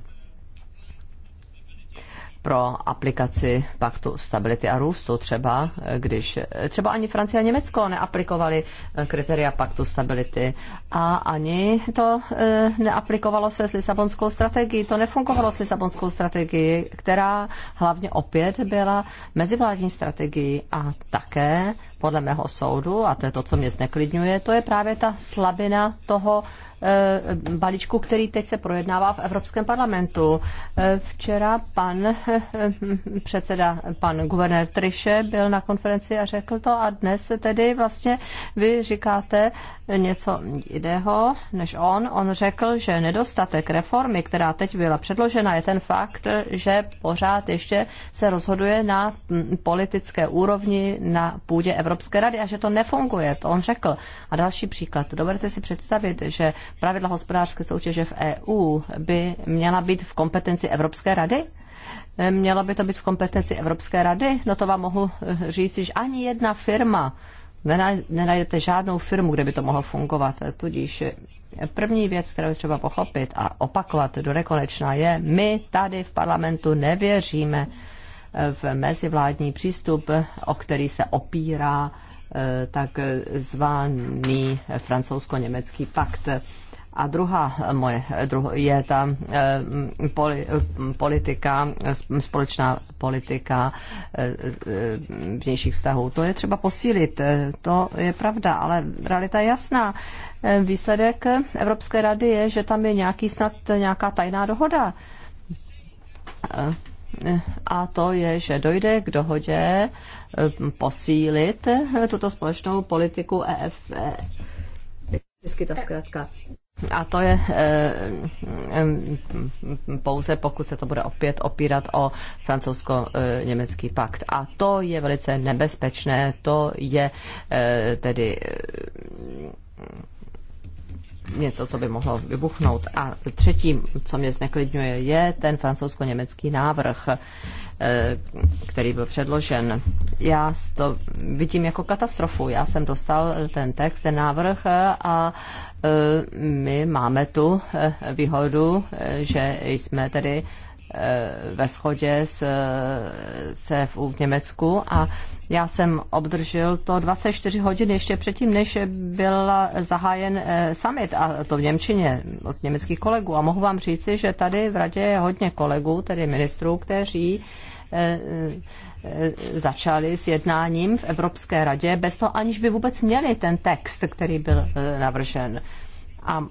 pro aplikaci paktu stability a růstu třeba, když třeba ani Francie a Německo neaplikovali eh, kritéria paktu stability a ani to eh, neaplikovalo se s Lisabonskou strategií, to nefungovalo s Lisabonskou strategií, která hlavně opět byla mezivládní strategií a také podle mého soudu, a to je to, co mě zneklidňuje, to je právě ta slabina toho eh, balíčku, který teď se projednává v Evropském parlamentu. Eh, včera pan eh, předseda, pan guvernér Triše byl na konferenci a řekl to a dnes tedy vlastně vy říkáte něco jiného než on. On řekl, že nedostatek reformy, která teď byla předložena, je ten fakt, že pořád ještě se rozhoduje na hm, politické úrovni na půdě Evropské Evropské rady a že to nefunguje. To on řekl. A další příklad. Dovedete si představit, že pravidla hospodářské soutěže v EU by měla být v kompetenci Evropské rady? měla by to být v kompetenci Evropské rady? No to vám mohu říct, že ani jedna firma, nenajdete žádnou firmu, kde by to mohlo fungovat. Tudíž První věc, kterou je třeba pochopit a opakovat do nekonečna, je, my tady v parlamentu nevěříme v mezivládní přístup, o který se opírá eh, tak zvaný francouzsko-německý pakt. A druhá moje druho, je ta eh, politika, společná politika eh, vnějších vztahů. To je třeba posílit, to je pravda, ale realita je jasná. Výsledek Evropské rady je, že tam je nějaký snad nějaká tajná dohoda a to je, že dojde k dohodě eh, posílit eh, tuto společnou politiku EF. E. Vždycky ta zkrátka. A to je eh, pouze, pokud se to bude opět opírat o francouzsko-německý pakt. A to je velice nebezpečné, to je tedy něco, co by mohlo vybuchnout. A třetím, co mě zneklidňuje, je ten francouzsko-německý návrh, eh, který byl předložen. Já to vidím jako katastrofu. Já jsem dostal ten text, ten návrh eh, a eh, my máme tu výhodu, že jsme tedy Eh, ve shodě s CFU v Německu a já jsem obdržel to 24 hodin ještě předtím, než byl zahájen eh, summit a to v Němčině od německých kolegů. A mohu vám říci, že tady v radě je hodně kolegů, tedy ministrů, kteří eh, začali s jednáním v Evropské radě bez toho, aniž by vůbec měli ten text, který byl navržen. A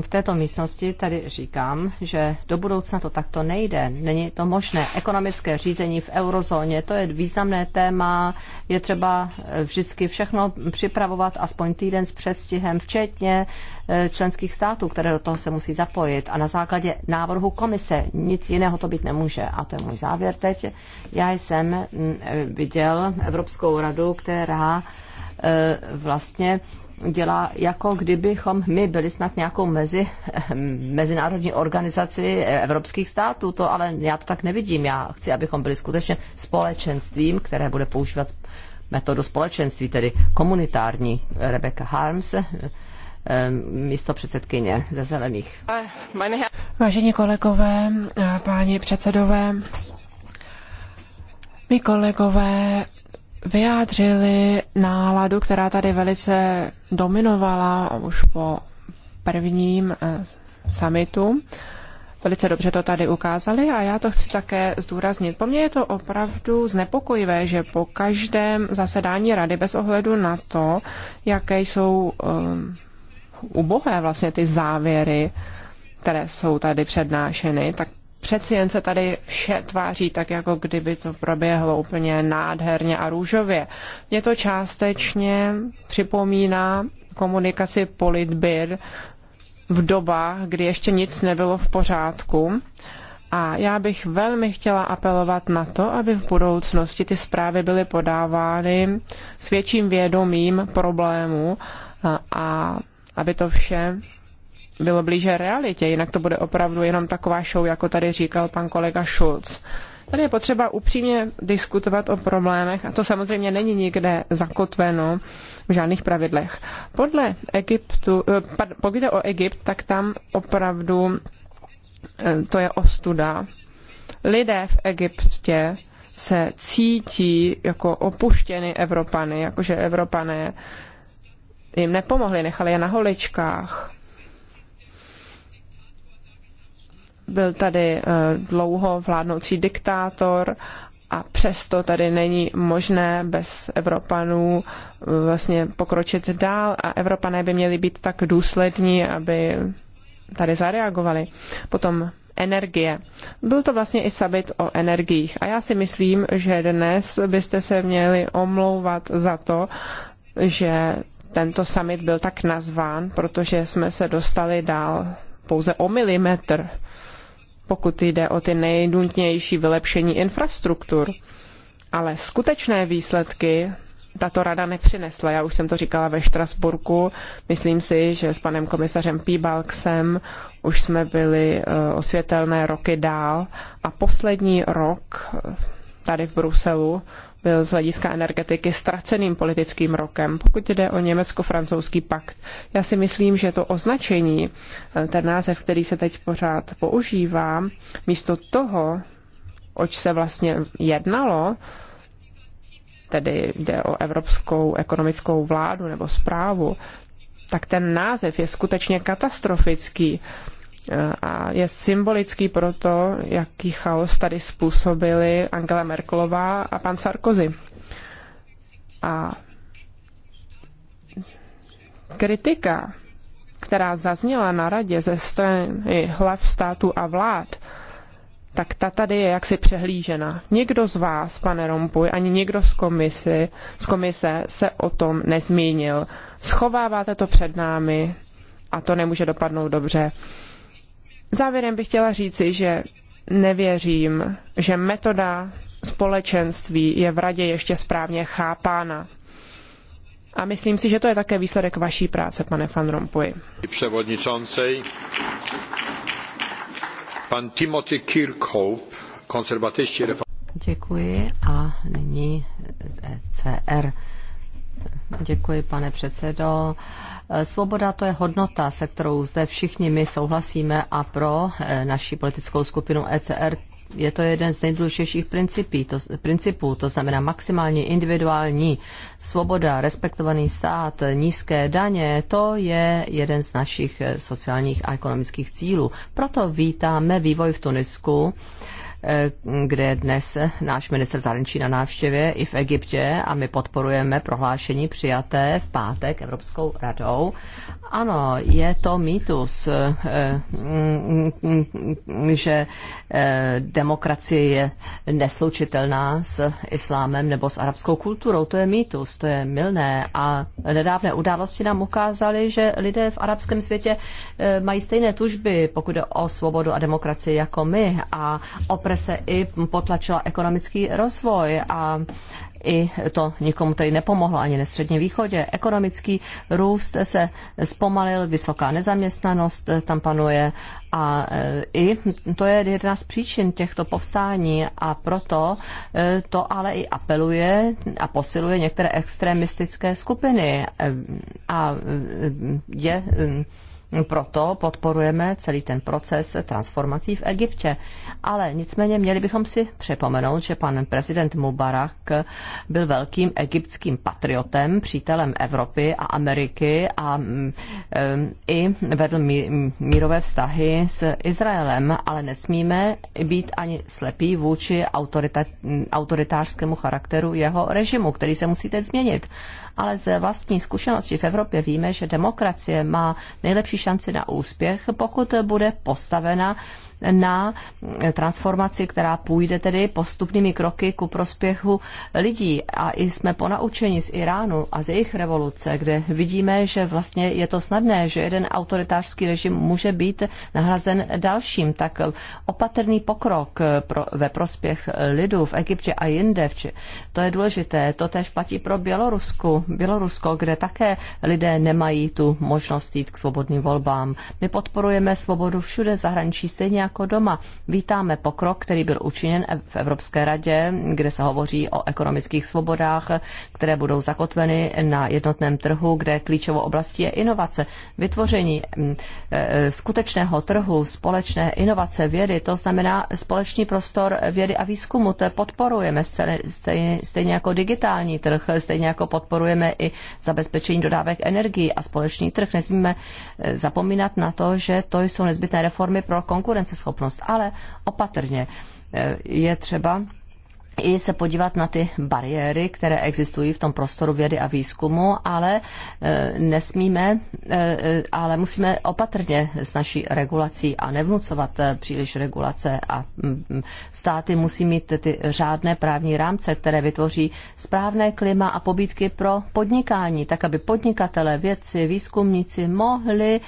v této místnosti tady říkám, že do budoucna to takto nejde. Není to možné. Ekonomické řízení v eurozóně, to je významné téma. Je třeba eh, vždycky všechno připravovat aspoň týden s předstihem, včetně eh, členských států, které do toho se musí zapojit. A na základě návrhu komise nic jiného to být nemůže. A to je můj závěr teď. Já jsem mm, eh, viděl Evropskou radu, která vlastně dělá, jako kdybychom my byli snad nějakou mezi, ehm, mezinárodní organizaci evropských států. To ale já to tak nevidím. Já chci, abychom byli skutečně společenstvím, které bude používat metodu společenství, tedy komunitární. Rebecca Harms, ehm, místo předsedkyně ze Zelených. Vážení kolegové, eh, páni předsedové, my kolegové vyjádřili náladu, která tady velice dominovala už po prvním eh, summitu. Velice dobře to tady ukázali a já to chci také zdůraznit. Po mně je to opravdu znepokojivé, že po každém zasedání rady, bez ohledu na to, jaké jsou um, ubohé vlastně ty závěry, které jsou tady přednášeny, tak přeci jen se tady vše tváří tak, jako kdyby to proběhlo úplně nádherně a růžově. Mě to částečně připomíná komunikaci politbyr v dobách, kdy ještě nic nebylo v pořádku. A já bych velmi chtěla apelovat na to, aby v budoucnosti ty zprávy byly podávány s větším vědomím problému a aby to vše bylo blíže realitě, jinak to bude opravdu jenom taková show, jako tady říkal pan kolega Schulz. Tady je potřeba upřímně diskutovat o problémech a to samozřejmě není nikde zakotveno v žádných pravidlech. Podle Egyptu, eh, pokud jde o Egypt, tak tam opravdu eh, to je ostuda. Lidé v Egyptě se cítí jako opuštěny Evropany, jakože Evropané jim nepomohli, nechali je na holičkách. Byl tady eh, dlouho vládnoucí diktátor a přesto tady není možné bez Evropanů eh, vlastně pokročit dál a Evropané by měli být tak důslední, aby tady zareagovali. Potom energie. Byl to vlastně i summit o energiích a já si myslím, že dnes byste se měli omlouvat za to, že tento summit byl tak nazván, protože jsme se dostali dál pouze o milimetr pokud jde o ty nejnutnější vylepšení infrastruktur. Ale skutečné výsledky tato rada nepřinesla. Já už jsem to říkala ve Štrasburku. Myslím si, že s panem komisařem Píbalksem už jsme byli eh, osvětelné roky dál. A poslední rok eh, tady v Bruselu byl z hlediska energetiky ztraceným politickým rokem, pokud jde o německo-francouzský pakt. Já si myslím, že to označení, eh, ten název, který se teď pořád používá, místo toho, oč se vlastně jednalo, tedy jde o evropskou ekonomickou vládu nebo zprávu, tak ten název je skutečně katastrofický a je symbolický pro to, jaký chaos tady způsobili Angela Merkelová a pan Sarkozy. A kritika, která zazněla na radě ze strany hlav států a vlád, tak ta tady je jaksi přehlížena. Nikdo z vás, pane Rompuj, ani nikdo z, komisy, z komise se o tom nezmínil. Schováváte to před námi a to nemůže dopadnout dobře. Závěrem bych chtěla říci, že nevěřím, že metoda společenství je v radě ještě správně chápána. A myslím si, že to je také výsledek vaší práce, pane Van Rompuy. Převodničoncej. Pan Timothy Kirkhope, konzervatisti Děkuji a nyní e CR. Děkuji, pane předsedo. Svoboda to je hodnota, se kterou zde všichni my souhlasíme a pro eh, naši politickou skupinu ECR je to jeden z nejdůležitějších principů, to znamená maximální individuální svoboda, respektovaný stát, nízké daně, to je jeden z našich eh, sociálních a ekonomických cílů. Proto vítáme vývoj v Tunisku Eh, kde je dnes náš minister zahraničí na návštěvě i v Egyptě a my podporujeme prohlášení přijaté v pátek Evropskou radou. Ano, je to mýtus, eh, mm, že eh, demokracie je neslučitelná s islámem nebo s arabskou kulturou. To je mýtus, to je milné a nedávné události nám ukázaly, že lidé v arabském světě mají stejné tužby, pokud jde o svobodu a demokracii jako my a o represe i potlačila ekonomický rozvoj a i to nikomu tady nepomohlo ani na Středním východě. Ekonomický růst se zpomalil, vysoká nezaměstnanost tam panuje a e, i to je jedna z příčin těchto povstání a proto e, to ale i apeluje a posiluje některé extremistické skupiny e, a je proto podporujeme celý ten proces transformací v Egyptě. Ale nicméně měli bychom si připomenout, že pan prezident Mubarak byl velkým egyptským patriotem, přítelem Evropy a Ameriky a mm, eh, i vedl mm, mírové vztahy s Izraelem, ale nesmíme být ani slepí vůči autorita, autoritářskému charakteru jeho režimu, který se musí teď změnit ale ze vlastní zkušenosti v Evropě víme, že demokracie má nejlepší šanci na úspěch, pokud bude postavena na transformaci, která půjde tedy postupnými kroky ku prospěchu lidí. A i jsme ponaučeni z Iránu a z jejich revoluce, kde vidíme, že vlastně je to snadné, že jeden autoritářský režim může být nahrazen dalším. Tak opatrný pokrok pro, ve prospěch lidu v Egyptě a jinde, to je důležité. To tež platí pro Bělorusku, Bělorusko, kde také lidé nemají tu možnost jít k svobodným volbám. My podporujeme svobodu všude v zahraničí, stejně jako doma. Vítáme pokrok, který byl učiněn v Evropské radě, kde se hovoří o ekonomických svobodách, které budou zakotveny na jednotném trhu, kde klíčovou oblastí je inovace, vytvoření mm, e, e, skutečného trhu, společné inovace vědy, to znamená společný prostor vědy a výzkumu. To podporujeme stejně, jako digitální trh, stejně jako podporujeme i zabezpečení dodávek energii a společný trh. Nesmíme e, zapomínat na to, že to jsou nezbytné reformy pro konkurence schopnost, ale opatrně eh, je třeba i se podívat na ty bariéry, které existují v tom prostoru vědy a výzkumu, ale e, nesmíme, e, e, ale musíme opatrně s naší regulací a nevnucovat příliš regulace a státy musí mít ty řádné právní rámce, které vytvoří správné klima a pobídky pro podnikání, tak aby podnikatele, vědci, výzkumníci mohli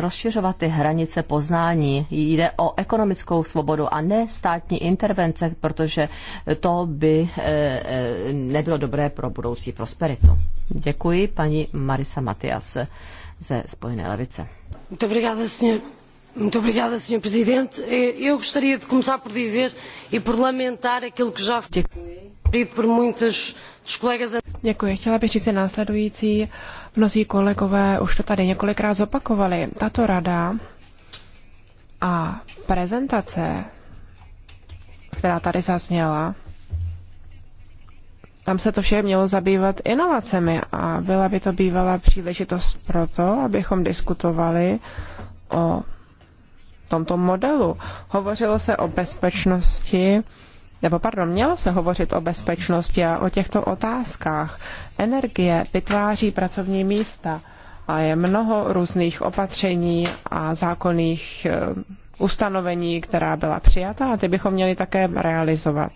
rozšiřovat ty hranice poznání. Jde o ekonomickou svobodu a ne státní intervence, protože to by eh, eh, nebylo dobré pro budoucí prosperitu. Děkuji paní Marisa Matias ze Spojené levice. Muito obrigada, Sr. Presidente. Eh, eu gostaria de começar por dizer e por lamentar aquilo que já foi referido por muitos dos colegas. Děkuji. Chtěla bych říct následující. Mnozí kolegové už to tady několikrát zopakovali. Tato rada a prezentace která tady zazněla, tam se to vše mělo zabývat inovacemi a byla by to bývala příležitost pro to, abychom diskutovali o tomto modelu. Hovořilo se o bezpečnosti, nebo pardon, mělo se hovořit o bezpečnosti a o těchto otázkách. Energie vytváří pracovní místa a je mnoho různých opatření a zákonných eh, ustanovení, která byla přijata a ty bychom měli také realizovat.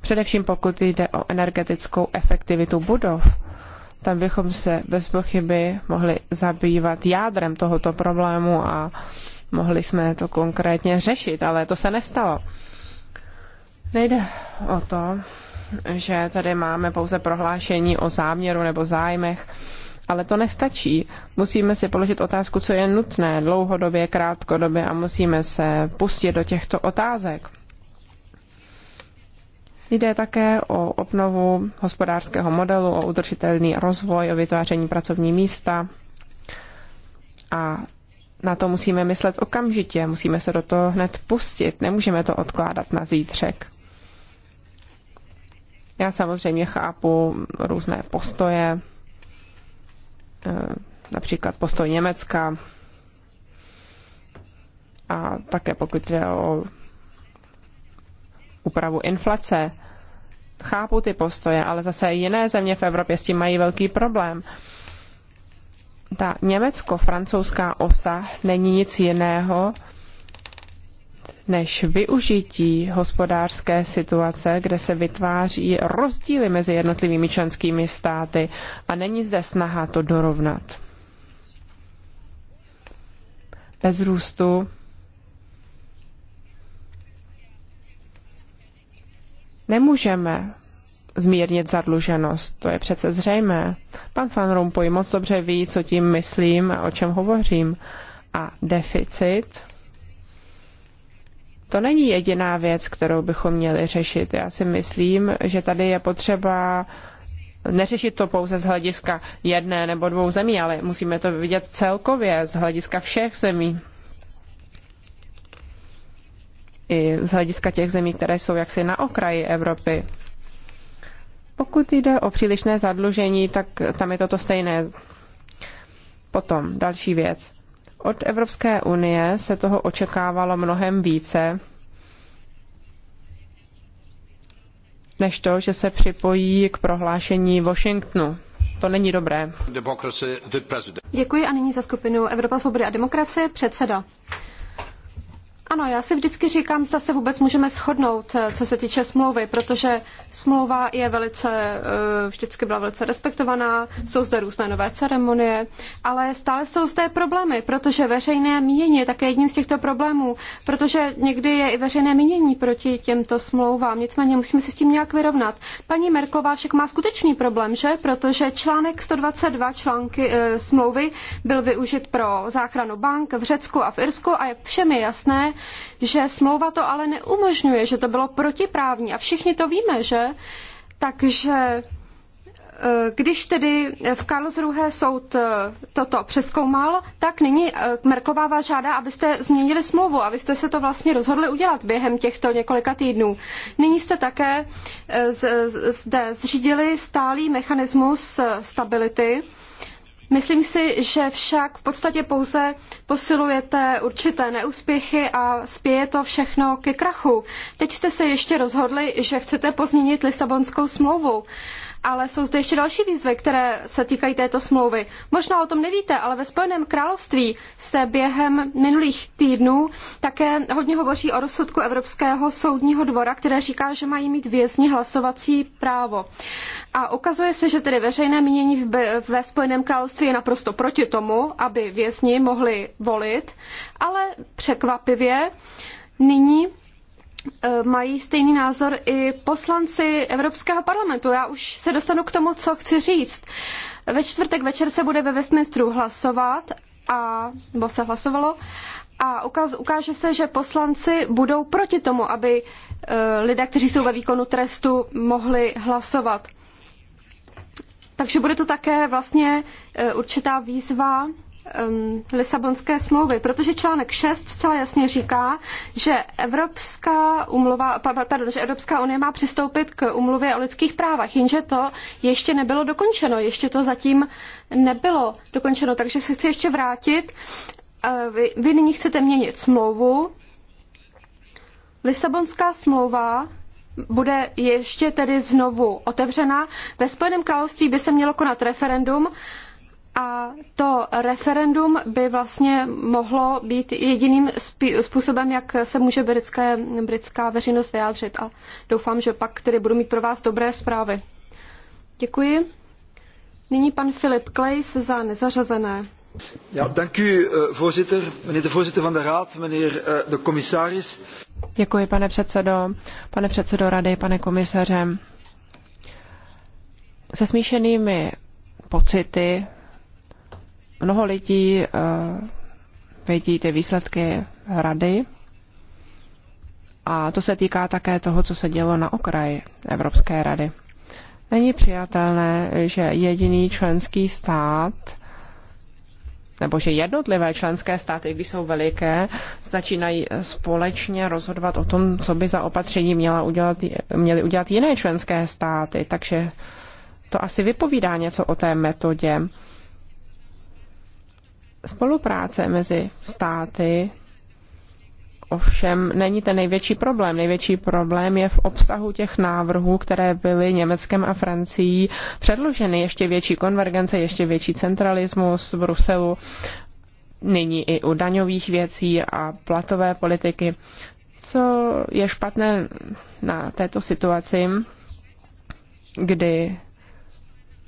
Především pokud jde o energetickou efektivitu budov, tam bychom se bez pochyby mohli zabývat jádrem tohoto problému a mohli jsme to konkrétně řešit, ale to se nestalo. Nejde o to, že tady máme pouze prohlášení o záměru nebo zájmech, ale to nestačí. Musíme si položit otázku, co je nutné dlouhodobě, krátkodobě a musíme se pustit do těchto otázek. Jde také o obnovu hospodářského modelu, o udržitelný rozvoj, o vytváření pracovní místa. A na to musíme myslet okamžitě, musíme se do toho hned pustit, nemůžeme to odkládat na zítřek. Já samozřejmě chápu různé postoje, Eh, například postoj Německa a také pokud jde o úpravu inflace, chápu ty postoje, ale zase jiné země v Evropě s tím mají velký problém. Ta německo-francouzská osa není nic jiného než využití hospodářské situace, kde se vytváří rozdíly mezi jednotlivými členskými státy a není zde snaha to dorovnat. Bez růstu nemůžeme zmírnit zadluženost. To je přece zřejmé. Pan Van Rompuy moc dobře ví, co tím myslím a o čem hovořím. A deficit to není jediná věc, kterou bychom měli řešit. Já si myslím, že tady je potřeba neřešit to pouze z hlediska jedné nebo dvou zemí, ale musíme to vidět celkově z hlediska všech zemí. I z hlediska těch zemí, které jsou jaksi na okraji Evropy. Pokud jde o přílišné zadlužení, tak tam je toto stejné. Potom další věc. Od Evropské unie se toho očekávalo mnohem více, než to, že se připojí k prohlášení Washingtonu. To není dobré. Děkuji a nyní za skupinu Evropa svobody a demokracie předseda. Ano, já si vždycky říkám, zda se vůbec můžeme shodnout, eh, co se týče smlouvy, protože smlouva je velice, eh, vždycky byla velice respektovaná, jsou zde různé nové ceremonie, ale stále jsou zde problémy, protože veřejné mínění je také jedním z těchto problémů, protože někdy je i veřejné mínění proti těmto smlouvám, nicméně musíme se s tím nějak vyrovnat. Paní Merklová však má skutečný problém, že? Protože článek 122 články e, smlouvy byl využit pro záchranu bank v Řecku a v Irsku a je všemi jasné, že smlouva to ale neumožňuje, že to bylo protiprávní a všichni to víme, že? Takže e, když tedy v Karlsruhe soud e, toto přeskoumal, tak nyní e, Merklová vás žádá, abyste změnili smlouvu a se to vlastně rozhodli udělat během těchto několika týdnů. Nyní jste také zde zřídili stálý mechanismus stability, Myslím si, že však v podstatě pouze posilujete určité neúspěchy a spěje to všechno ke krachu. Teď jste se ještě rozhodli, že chcete pozměnit Lisabonskou smlouvu ale jsou zde ještě další výzvy, které se týkají této smlouvy. Možná o tom nevíte, ale ve Spojeném království se během minulých týdnů také hodně hovoří o rozsudku Evropského soudního dvora, které říká, že mají mít vězni hlasovací právo. A ukazuje se, že tedy veřejné mínění ve Spojeném království je naprosto proti tomu, aby vězni mohli volit, ale překvapivě nyní Eh, mají stejný názor i poslanci Evropského parlamentu. Já už se dostanu k tomu, co chci říct. Ve čtvrtek večer se bude ve Westminsteru hlasovat, a, nebo se hlasovalo, a ukaz, ukáže se, že poslanci budou proti tomu, aby eh, lidé, kteří jsou ve výkonu trestu, mohli hlasovat. Takže bude to také vlastně eh, určitá výzva um, Lisabonské smlouvy, protože článek 6 zcela jasně říká, že Evropská, umluva, pardon, že Evropská unie má přistoupit k umluvě o lidských právech, jenže to ještě nebylo dokončeno, ještě to zatím nebylo dokončeno, takže se chci ještě vrátit. Uh, vy, vy nyní chcete měnit smlouvu. Lisabonská smlouva bude ještě tedy znovu otevřena. Ve Spojeném království by se mělo konat referendum a to referendum by vlastně mohlo být jediným způsobem, jak se může britské, britská veřejnost vyjádřit. A doufám, že pak tedy budu mít pro vás dobré zprávy. Děkuji. Nyní pan Filip Klejs za nezařazené. Ja, dank u, eh, voorzitter. Meneer de voorzitter van de raad, meneer eh, de commissaris. Děkuji, pane předsedo, pane předsedo rady, pane komisaře. Se smíšenými pocity mnoho lidí eh, vědí ty výsledky rady a to se týká také toho, co se dělo na okraji Evropské rady. Není přijatelné, že jediný členský stát nebo že jednotlivé členské státy, když jsou veliké, začínají společně rozhodovat o tom, co by za opatření měla udělat, měly udělat jiné členské státy. Takže to asi vypovídá něco o té metodě. Spolupráce mezi státy ovšem není ten největší problém. Největší problém je v obsahu těch návrhů, které byly Německem a Francií předloženy. Ještě větší konvergence, ještě větší centralismus v Bruselu, nyní i u daňových věcí a platové politiky. Co je špatné na této situaci, kdy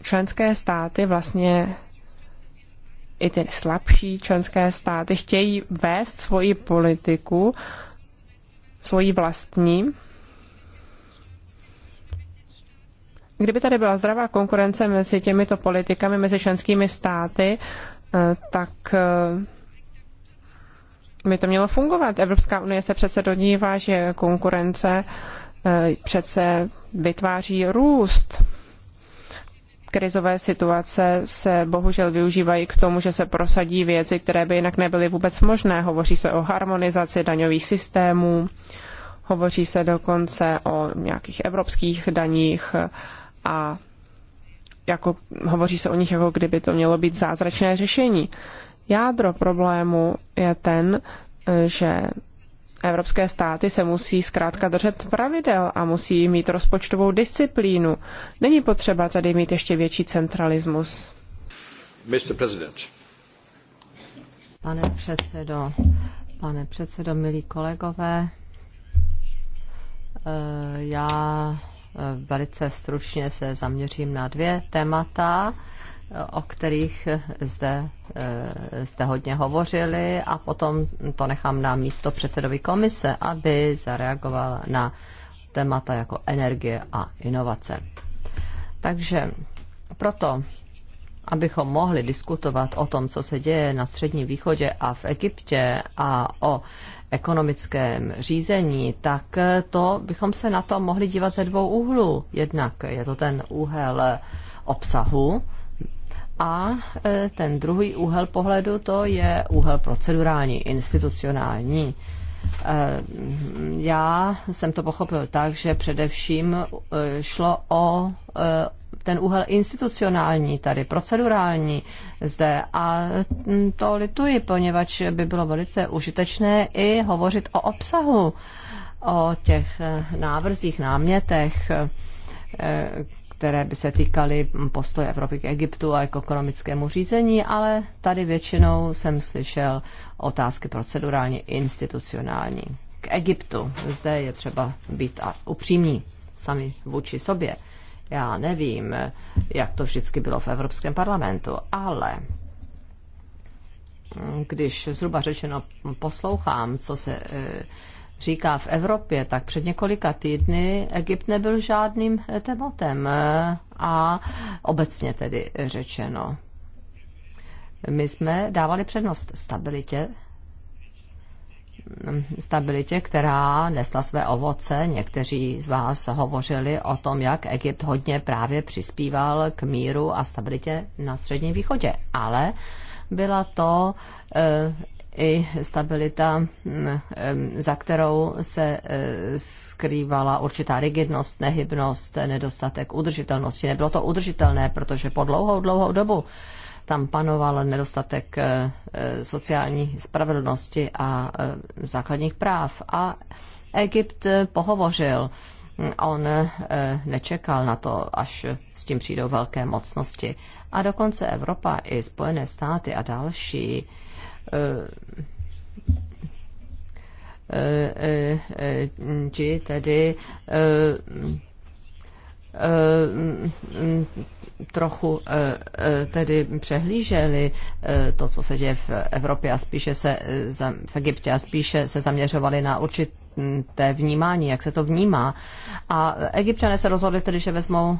členské státy vlastně i ty slabší členské státy chtějí vést svoji politiku, svoji vlastní. Kdyby tady byla zdravá konkurence mezi těmito politikami, mezi členskými státy, eh, tak eh, by to mělo fungovat. Evropská unie se přece dodívá, že konkurence eh, přece vytváří růst krizové situace se bohužel využívají k tomu, že se prosadí věci, které by jinak nebyly vůbec možné. Hovoří se o harmonizaci daňových systémů, hovoří se dokonce o nějakých evropských daních a jako, hovoří se o nich, jako kdyby to mělo být zázračné řešení. Jádro problému je ten, že Evropské státy se musí zkrátka držet pravidel a musí mít rozpočtovou disciplínu. Není potřeba tady mít ještě větší centralismus. Mr. President. Pane předsedo, pane předsedo, milí kolegové, eh, já eh, velice stručně se zaměřím na dvě témata o kterých zde jste eh, hodně hovořili a potom to nechám na místo předsedovi komise, aby zareagoval na témata jako energie a inovace. Takže proto, abychom mohli diskutovat o tom, co se děje na Středním východě a v Egyptě a o ekonomickém řízení, tak to bychom se na to mohli dívat ze dvou úhlů. Jednak je to ten úhel obsahu, a e, ten druhý úhel pohledu to je úhel procedurální, institucionální. E, já jsem to pochopil tak, že především e, šlo o ten úhel institucionální, tady procedurální zde. A to lituji, poněvadž by bylo velice užitečné i hovořit o obsahu, o těch návrzích, námětech, které by se týkaly postoje Evropy k Egyptu a k ekonomickému řízení, ale tady většinou jsem slyšel otázky procedurálně institucionální. K Egyptu zde je třeba být upřímní sami vůči sobě. Já nevím, jak to vždycky bylo v Evropském parlamentu, ale když zhruba řečeno poslouchám, co se eh, říká v Evropě, tak před několika týdny Egypt nebyl žádným eh, tématem eh, a obecně tedy řečeno. My jsme dávali přednost stabilitě hm, stabilitě, která nesla své ovoce. Někteří z vás hovořili o tom, jak Egypt hodně právě přispíval k míru a stabilitě na Středním východě. Ale byla to eh, i stabilita, mm, za kterou se e, skrývala určitá rigidnost, nehybnost, nedostatek udržitelnosti. Nebylo to udržitelné, protože po dlouhou, dlouhou dobu tam panoval nedostatek e, e, sociální spravedlnosti a základních práv. A Egypt pohovořil. On nečekal na to, až s tím přijdou velké mocnosti. A dokonce Evropa i Spojené státy a další či tedy eh, eh, trochu eh, tedy přehlíželi to, co se děje v Evropě a spíše se v Egyptě a spíše se zaměřovali na určité vnímání, jak se to vnímá. A egyptiané se rozhodli tedy, že vezmou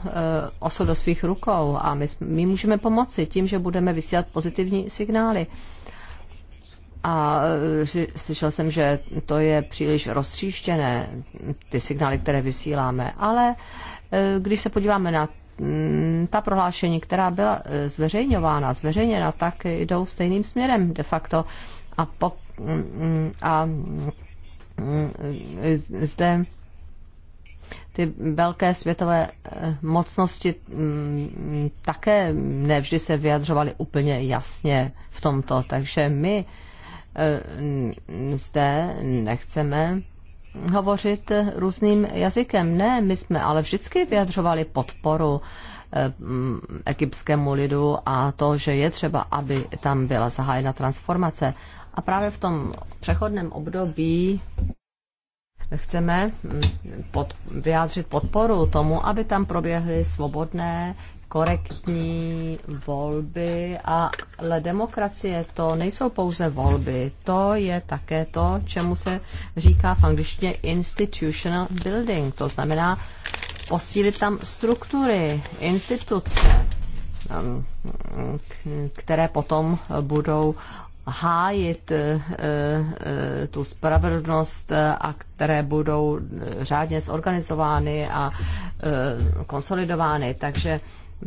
osud do svých rukou a my, my můžeme pomoci tím, že budeme vysílat pozitivní signály a e, slyšel jsem, že to je příliš roztříštěné, ty signály, které vysíláme. Ale e, když se podíváme na mm, ta prohlášení, která byla e, zveřejňována, zveřejněna, tak jdou stejným směrem de facto. A, po, mm, a mm, zde ty velké světové mocnosti také nevždy se vyjadřovaly úplně jasně v tomto. Takže my Eh, zde nechceme hovořit různým jazykem. Ne, my jsme ale vždycky vyjadřovali podporu eh, egyptskému lidu a to, že je třeba, aby tam byla zahájena transformace. A právě v tom přechodném období chceme pod, vyjádřit podporu tomu, aby tam proběhly svobodné, korektní volby, a ale demokracie to nejsou pouze volby, to je také to, čemu se říká v angličtině institutional building, to znamená posílit tam struktury, instituce, um, které potom budou hájit eh, eh, tu spravedlnost a které budou eh, řádně zorganizovány a konsolidovány. Takže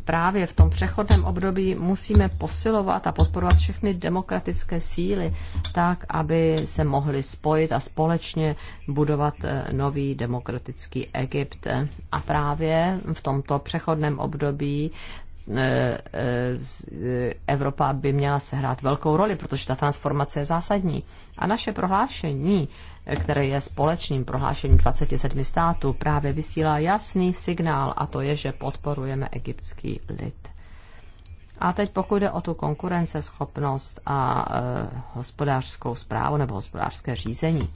právě v tom přechodném období musíme posilovat a podporovat všechny demokratické síly tak, aby se mohly spojit a společně budovat eh, nový demokratický Egypt. A právě v tomto přechodném období eh, eh, Evropa by měla sehrát velkou roli, protože ta transformace je zásadní. A naše prohlášení které je společným prohlášením 27 států, právě vysílá jasný signál a to je, že podporujeme egyptský lid. A teď pokud jde o tu konkurenceschopnost a e, hospodářskou zprávu nebo hospodářské řízení.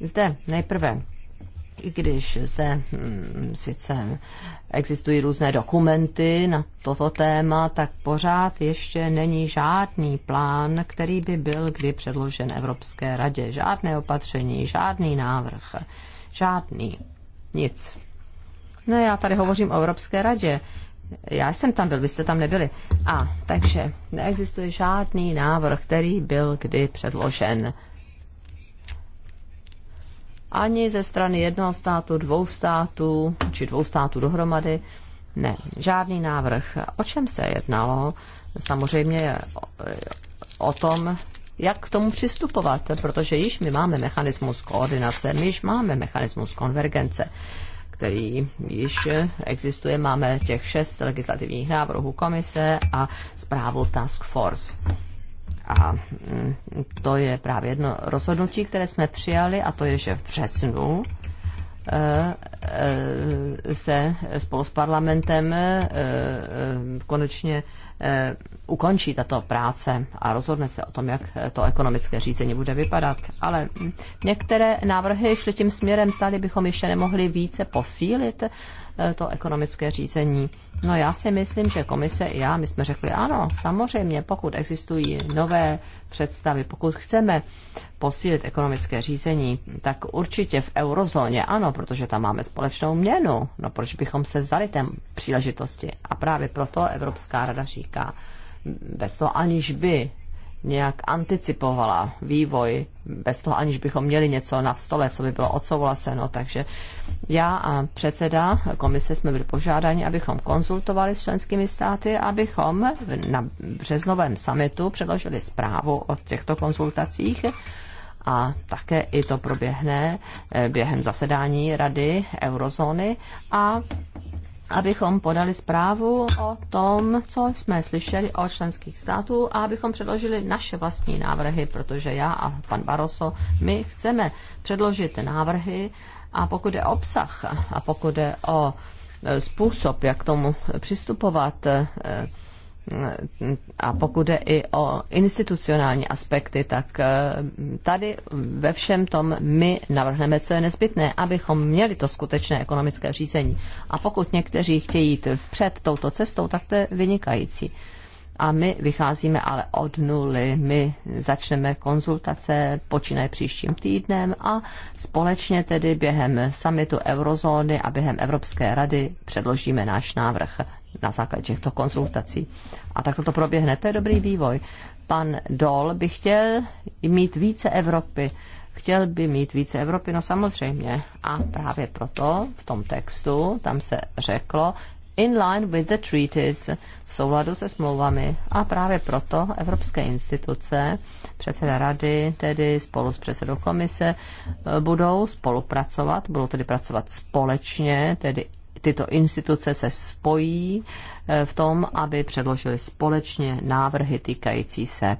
Zde nejprve i když zde mm, sice existují různé dokumenty na toto téma, tak pořád ještě není žádný plán, který by byl kdy předložen Evropské radě. Žádné opatření, žádný návrh, žádný, nic. No já tady hovořím o Evropské radě. Já jsem tam byl, vy jste tam nebyli. A, takže neexistuje žádný návrh, který byl kdy předložen ani ze strany jednoho státu, dvou států, či dvou států dohromady. Ne, žádný návrh. O čem se jednalo? Samozřejmě o tom, jak k tomu přistupovat, protože již my máme mechanismus koordinace, my již máme mechanismus konvergence, který již existuje. Máme těch šest legislativních návrhů komise a zprávu Task Force. A mm, to je právě jedno rozhodnutí, které jsme přijali, a to je, že v březnu e, e, se spolu s parlamentem e, konečně ukončí tato práce a rozhodne se o tom, jak to ekonomické řízení bude vypadat. Ale mm, některé návrhy šly tím směrem, stále bychom ještě nemohli více posílit Eh, to ekonomické řízení. No já si myslím, že komise i já, my jsme řekli ano, samozřejmě, pokud existují nové představy, pokud chceme posílit ekonomické řízení, tak určitě v eurozóně ano, protože tam máme společnou měnu. No proč bychom se vzdali té příležitosti? A právě proto Evropská rada říká, bez toho aniž by nějak anticipovala vývoj bez toho, aniž bychom měli něco na stole, co by bylo odsouhlaseno. Takže já a předseda komise jsme byli požádáni, abychom konzultovali s členskými státy, abychom na březnovém summitu předložili zprávu o těchto konzultacích a také i to proběhne eh, během zasedání Rady eurozóny a abychom podali zprávu o tom, co jsme slyšeli o členských států a abychom předložili naše vlastní návrhy, protože já a pan Baroso, my chceme předložit návrhy a pokud je obsah a pokud je o e, způsob, jak k tomu přistupovat, e, a pokud jde i o institucionální aspekty, tak eh, tady ve všem tom my navrhneme, co je nezbytné, abychom měli to skutečné ekonomické řízení. A pokud někteří chtějí jít před touto cestou, tak to je vynikající. A my vycházíme ale od nuly. My začneme konzultace, počínaje příštím týdnem a společně tedy během summitu eurozóny a během Evropské rady předložíme náš návrh na základě těchto konzultací. A tak to proběhne. To je dobrý vývoj. Pan Dol by chtěl mít více Evropy. Chtěl by mít více Evropy, no samozřejmě. A právě proto v tom textu tam se řeklo in line with the treaties, v souladu se smlouvami. A právě proto evropské instituce, předseda rady, tedy spolu s předsedou komise, budou spolupracovat, budou tedy pracovat společně, tedy tyto instituce se spojí eh, v tom, aby předložili společně návrhy týkající se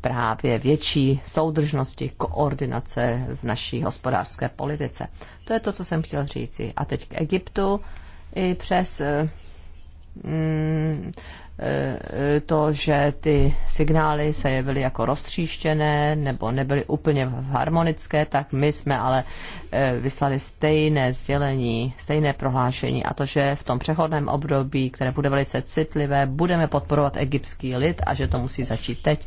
právě větší soudržnosti, koordinace v naší hospodářské politice. To je to, co jsem chtěl říci. A teď k Egyptu. I přes eh, mm, to, že ty signály se jevily jako roztříštěné nebo nebyly úplně harmonické, tak my jsme ale eh, vyslali stejné sdělení, stejné prohlášení a to, že v tom přechodném období, které bude velice citlivé, budeme podporovat egyptský lid a že to musí začít teď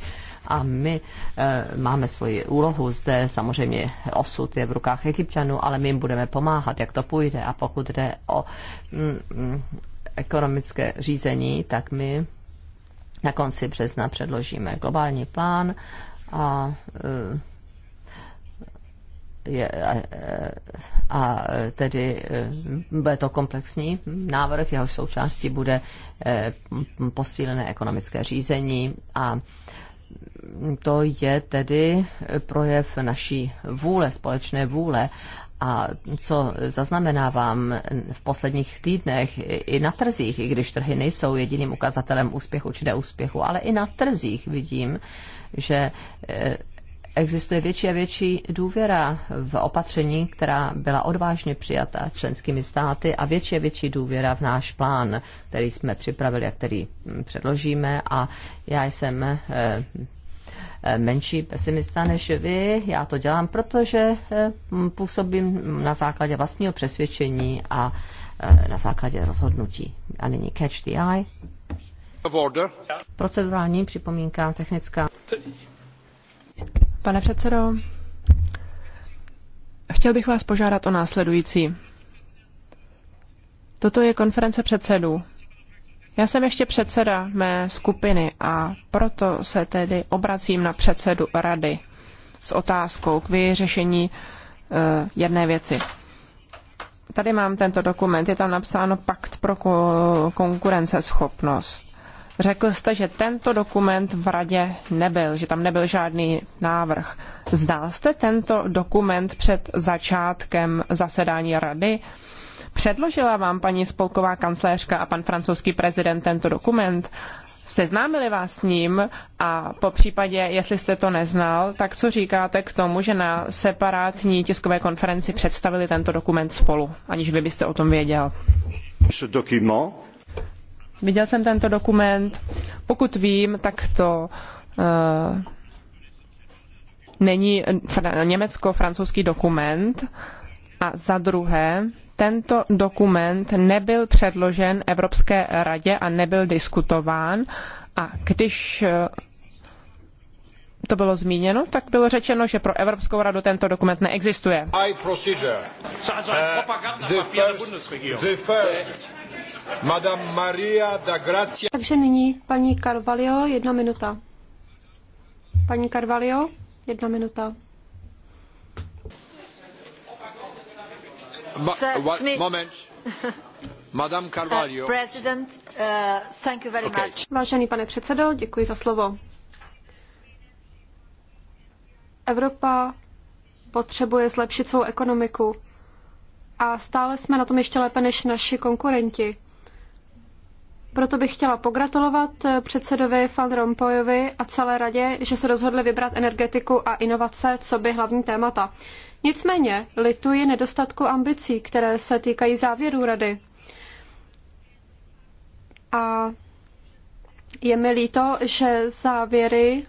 a my e, máme svoji úlohu zde, samozřejmě osud je v rukách egyptianů, ale my jim budeme pomáhat, jak to půjde a pokud jde o mm, mm ekonomické řízení, tak my na konci března předložíme globální plán a eh, je, a, eh, a tedy eh, bude to komplexní návrh, jehož součástí bude posílené ekonomické řízení a to je tedy projev naší vůle, společné vůle a co zaznamenávám v posledních týdnech i na trzích, i když trhy nejsou jediným ukazatelem úspěchu či neúspěchu, ale i na trzích vidím, že eh, existuje větší a větší důvěra v opatření, která byla odvážně přijata členskými státy a větší a větší důvěra v náš plán, který jsme připravili a který hm, předložíme. A já jsem eh, menší pesimista než vy. Já to dělám, protože eh, působím na základě vlastního přesvědčení a eh, na základě rozhodnutí. A nyní catch the eye. Procedurální připomínka technická. Pane předsedo, chtěl bych vás požádat o následující. Toto je konference předsedů. Já jsem ještě předseda mé skupiny a proto se tedy obracím na předsedu rady s otázkou k vyřešení uh, jedné věci. Tady mám tento dokument, je tam napsáno Pakt pro ko- konkurenceschopnost. Řekl jste, že tento dokument v radě nebyl, že tam nebyl žádný návrh. Zdal jste tento dokument před začátkem zasedání rady? Uh, Předložila vám paní spolková kancléřka a pan francouzský prezident tento dokument? Seznámili vás s ním a po případě, jestli jste to neznal, tak co říkáte k tomu, že na separátní tiskové konferenci představili tento dokument spolu, aniž vy byste o tom věděl? Viděl jsem tento dokument. Pokud vím, tak to uh, není německo-francouzský dokument. A za druhé, tento dokument nebyl předložen Evropské radě a nebyl diskutován. A když eh, to bylo zmíněno, tak bylo řečeno, že pro Evropskou radu tento dokument neexistuje. Eh, Takže nyní paní Carvalho, jedna minuta. Paní Carvalho, jedna minuta. Madame uh, Carvalho. president, uh, Vážený pane předsedo, děkuji za slovo. Evropa potřebuje zlepšit svou ekonomiku a stále jsme na tom ještě lépe než naši konkurenti. Proto bych chtěla pogratulovat eh, předsedovi Van Rompuyovi a celé radě, že se rozhodli vybrat energetiku a inovace co by hlavní témata. Nicméně lituji nedostatku ambicí, které se týkají závěrů rady. A je mi líto, že závěry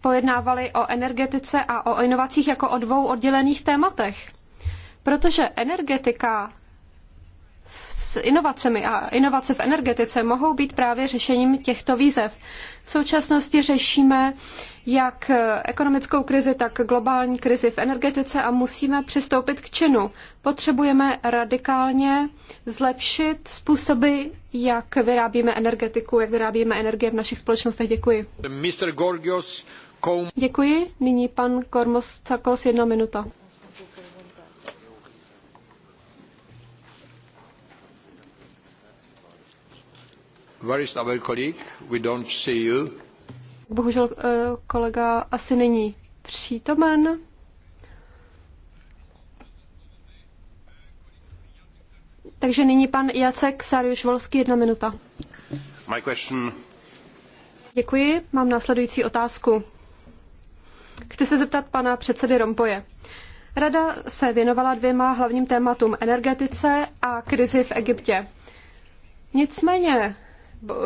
pojednávali o energetice a o inovacích jako o dvou oddělených tématech. Protože energetika inovacemi a inovace v energetice mohou být právě řešením těchto výzev. V současnosti řešíme jak ekonomickou krizi, tak globální krizi v energetice a musíme přistoupit k činu. Potřebujeme radikálně zlepšit způsoby, jak vyrábíme energetiku, jak vyrábíme energie v našich společnostech. Děkuji. Mr. Gorgios, Děkuji. Nyní pan Kormos Takos, jedna minuta. We don't see you. Bohužel eh, kolega asi není přítomen. Takže nyní pan Jacek Sáriuš Volský, jedna minuta. My question. Děkuji, mám následující otázku. Chci se zeptat pana předsedy Rompoje. Rada se věnovala dvěma hlavním tématům energetice a krizi v Egyptě. Nicméně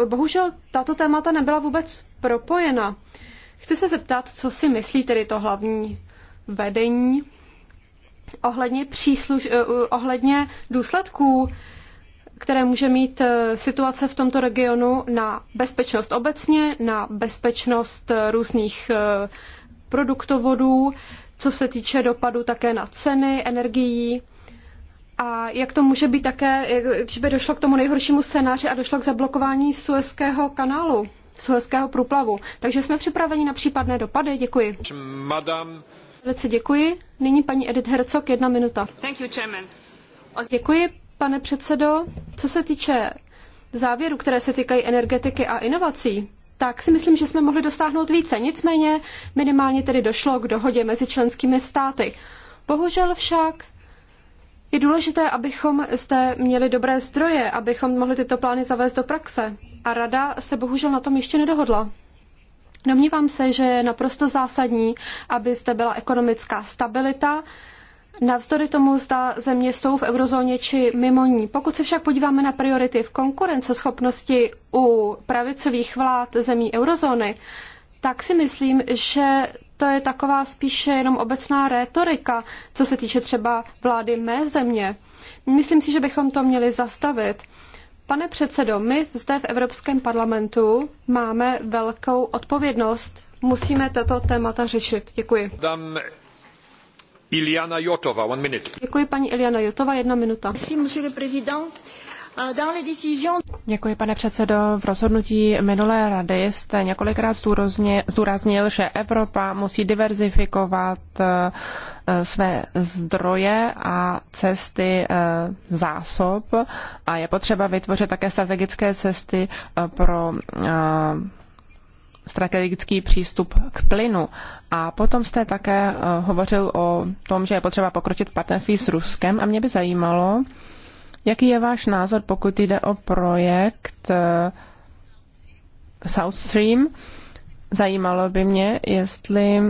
Bohužel tato témata nebyla vůbec propojena. Chci se zeptat, co si myslí tedy to hlavní vedení ohledně, přísluž, eh, ohledně důsledků, které může mít eh, situace v tomto regionu na bezpečnost obecně, na bezpečnost eh, různých produktovodů, co se týče dopadu také na ceny energií a jak to může být také, že by došlo k tomu nejhoršímu scénáři a došlo k zablokování Suezského kanálu, Suezského průplavu. Takže jsme připraveni na případné dopady. Děkuji. Madame. Velice děkuji. Nyní paní Edith Herzog, jedna minuta. Thank you, chairman. Děkuji, pane předsedo. Co se týče závěru, které se týkají energetiky a inovací, tak si myslím, že jsme mohli dosáhnout více. Nicméně minimálně tedy došlo k dohodě mezi členskými státy. Bohužel však je důležité, abychom zde měli dobré zdroje, abychom mohli tyto plány zavést do praxe. A rada se bohužel na tom ještě nedohodla. Domnívám se, že je naprosto zásadní, aby zde byla ekonomická stabilita, Navzdory tomu, zda země jsou v eurozóně či mimo ní. Pokud se však podíváme na priority v konkurenceschopnosti u pravicových vlád zemí eurozóny, tak si myslím, že to je taková spíše jenom obecná rétorika, co se týče třeba vlády mé země. Myslím si, že bychom to měli zastavit. Pane předsedo, my zde v Evropském parlamentu máme velkou odpovědnost. Musíme tato témata řešit. Děkuji. Dám Iliana Jotova, one minute. Děkuji paní Iliana Jotova, jedna minuta. Merci, Děkuji, pane předsedo. V rozhodnutí minulé rady jste několikrát zdůraznil, že Evropa musí diverzifikovat eh, své zdroje a cesty eh, zásob a je potřeba vytvořit také strategické cesty eh, pro strategický přístup k plynu. A potom jste také hovořil o tom, že je potřeba pokročit v partnerství s Ruskem a mě by zajímalo, Jaký je váš názor, pokud jde o projekt eh, South Stream? Zajímalo by mě, jestli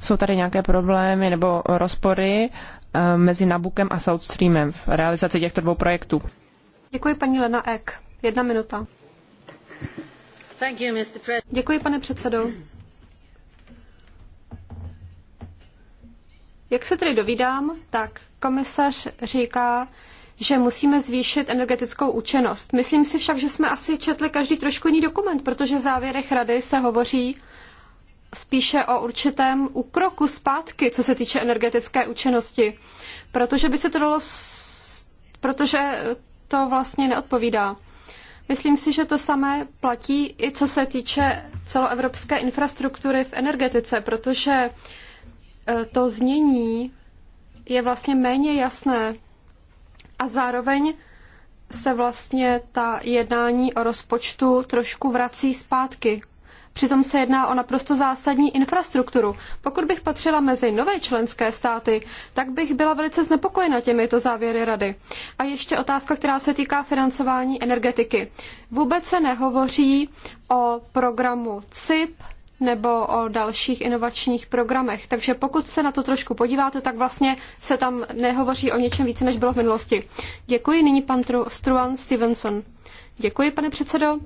jsou tady nějaké problémy nebo rozpory eh, mezi Nabukem a South Streamem v realizaci těchto dvou projektů. Děkuji paní Lena Ek. Jedna minuta. Děkuji, pane předsedo. Jak se tedy dovídám, tak komisař říká, že musíme zvýšit energetickou účinnost. Myslím si však, že jsme asi četli každý trošku jiný dokument, protože v závěrech rady se hovoří spíše o určitém úkroku zpátky, co se týče energetické účinnosti, protože by se to dalo, protože to vlastně neodpovídá. Myslím si, že to samé platí i co se týče celoevropské infrastruktury v energetice, protože Eh, to znění je vlastně méně jasné a zároveň se vlastně ta jednání o rozpočtu trošku vrací zpátky. Přitom se jedná o naprosto zásadní infrastrukturu. Pokud bych patřila mezi nové členské státy, tak bych byla velice znepokojena těmito závěry rady. A ještě otázka, která se týká financování energetiky. Vůbec se nehovoří o programu CIP, nebo o dalších inovačních programech. Takže pokud se na to trošku podíváte, tak vlastně se tam nehovoří o něčem více, než bylo v minulosti. Děkuji nyní pan Struan Stevenson. Děkuji, pane předsedo.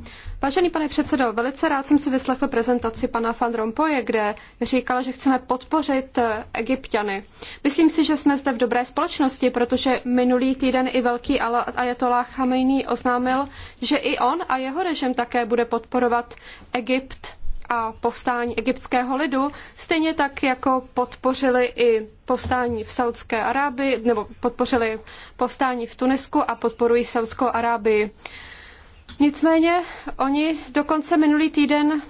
Vážený pane předsedo, velice rád jsem si vyslechl prezentaci pana Van Rompuye, kde říkala, že chceme podpořit eh, egyptiany. Myslím si, že jsme zde v dobré společnosti, protože minulý týden i velký ajatollah Khamenei oznámil, že i on a jeho režim také bude podporovat Egypt a povstání egyptského lidu, stejně tak jako podpořili i povstání v Saudské Arábii, nebo podpořili povstání v Tunisku a podporují Saudskou Arábii. Nicméně oni dokonce minulý týden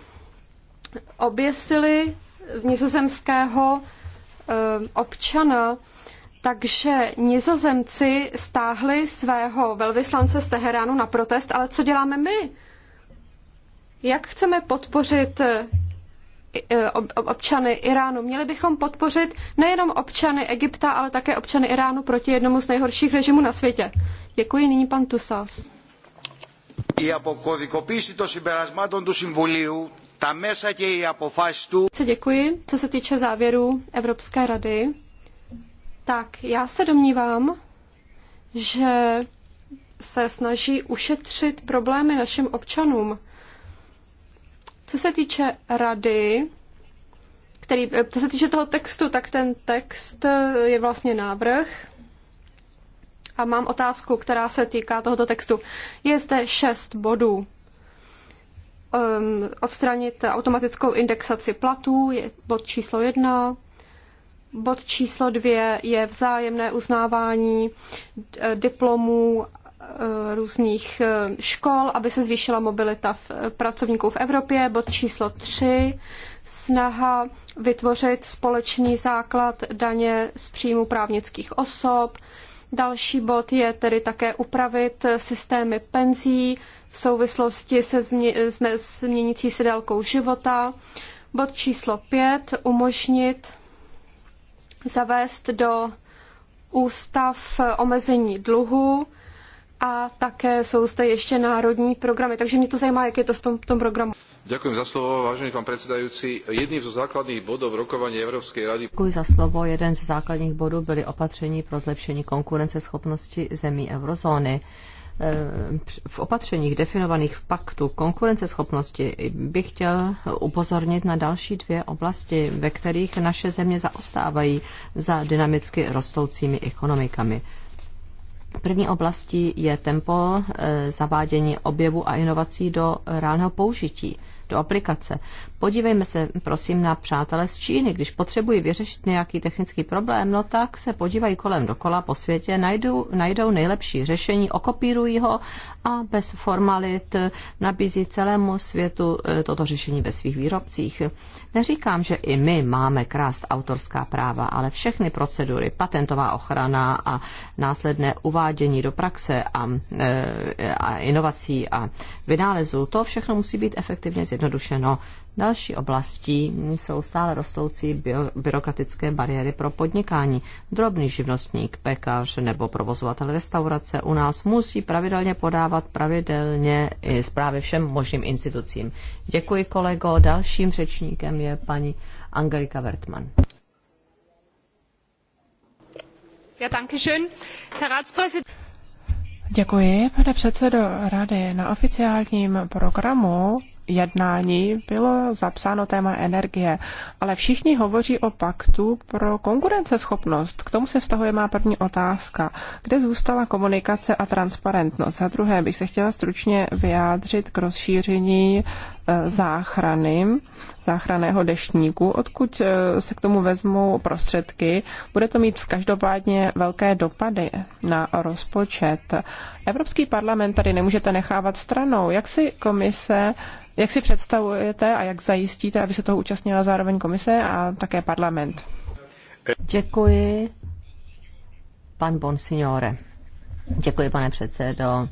oběsili nizozemského eh, občana, takže nizozemci stáhli svého velvyslance z Teheránu na protest, ale co děláme my? Jak chceme podpořit eh, eh, občany Iránu. Měli bychom podpořit nejenom občany Egypta, ale také občany Iránu proti jednomu z nejhorších režimů na světě. Děkuji nyní pan Tusas. Η αποκωδικοποίηση των συμπερασμάτων του Συμβουλίου, τα μέσα και οι αποφάσεις του... Děkuji. Co se týče závěru Evropské rady, tak já se domnívám, že se snaží ušetřit problémy našim občanům co se týče rady, který, co se týče toho textu, tak ten text je vlastně návrh. A mám otázku, která se týká tohoto textu. Je zde šest bodů. Um, odstranit automatickou indexaci platů je bod číslo jedna. Bod číslo dvě je vzájemné uznávání diplomů Eh, různých eh, škol, aby se zvýšila mobilita v, eh, pracovníků v Evropě. Bod číslo 3. Snaha vytvořit společný základ daně z příjmu právnických osob. Další bod je tedy také upravit systémy penzí v souvislosti se změnící se délkou života. Bod číslo 5. Umožnit zavést do ústav omezení dluhu a také jsou zde ještě národní programy. Takže mě to zajímá, jak je to s tom, tom programu. Děkuji za slovo, vážený pán predsedajúci. z základních bodů v rokování evropské rady... Děkuji za slovo. Jeden z základních bodů byly opatření pro zlepšení konkurenceschopnosti zemí eurozóny v opatřeních definovaných v paktu konkurenceschopnosti bych chtěl upozornit na další dvě oblasti, ve kterých naše země zaostávají za dynamicky rostoucími ekonomikami. První oblastí je tempo eh, zavádění objevu a inovací do reálného použití, do aplikace. Podívejme se, prosím, na přátele z Číny. Když potřebují vyřešit nějaký technický problém, no tak se podívají kolem dokola po světě, najdou, najdou nejlepší řešení, okopírují ho a bez formalit nabízí celému světu eh, toto řešení ve svých výrobcích. Neříkám, že i my máme krást autorská práva, ale všechny procedury, patentová ochrana a následné uvádění do praxe a, eh, a inovací a vynálezů, to všechno musí být efektivně zjednodušeno. Další oblastí jsou stále rostoucí bio, byrokratické bariéry pro podnikání. Drobný živnostník, pekař nebo provozovatel restaurace u nás musí pravidelně podávat pravidelně i zprávy všem možným institucím. Děkuji kolego. Dalším řečníkem je paní Angelika Wertmann. Ja, danke schön. Herr Ratspräsident. Děkuji, pane předsedo rady. Na oficiálním programu jednání bylo zapsáno téma energie, ale všichni hovoří o paktu pro konkurenceschopnost. K tomu se vztahuje má první otázka. Kde zůstala komunikace a transparentnost? Za druhé bych se chtěla stručně vyjádřit k rozšíření záchrany, záchraného deštníku, odkud eh, se k tomu vezmou prostředky, bude to mít v každopádně velké dopady na rozpočet. Evropský parlament tady nemůžete nechávat stranou. Jak si komise jak si představujete a jak zajistíte, aby se toho účastnila zároveň komise a také parlament? Děkuji, pan Bonsignore. Děkuji, pane předsedo.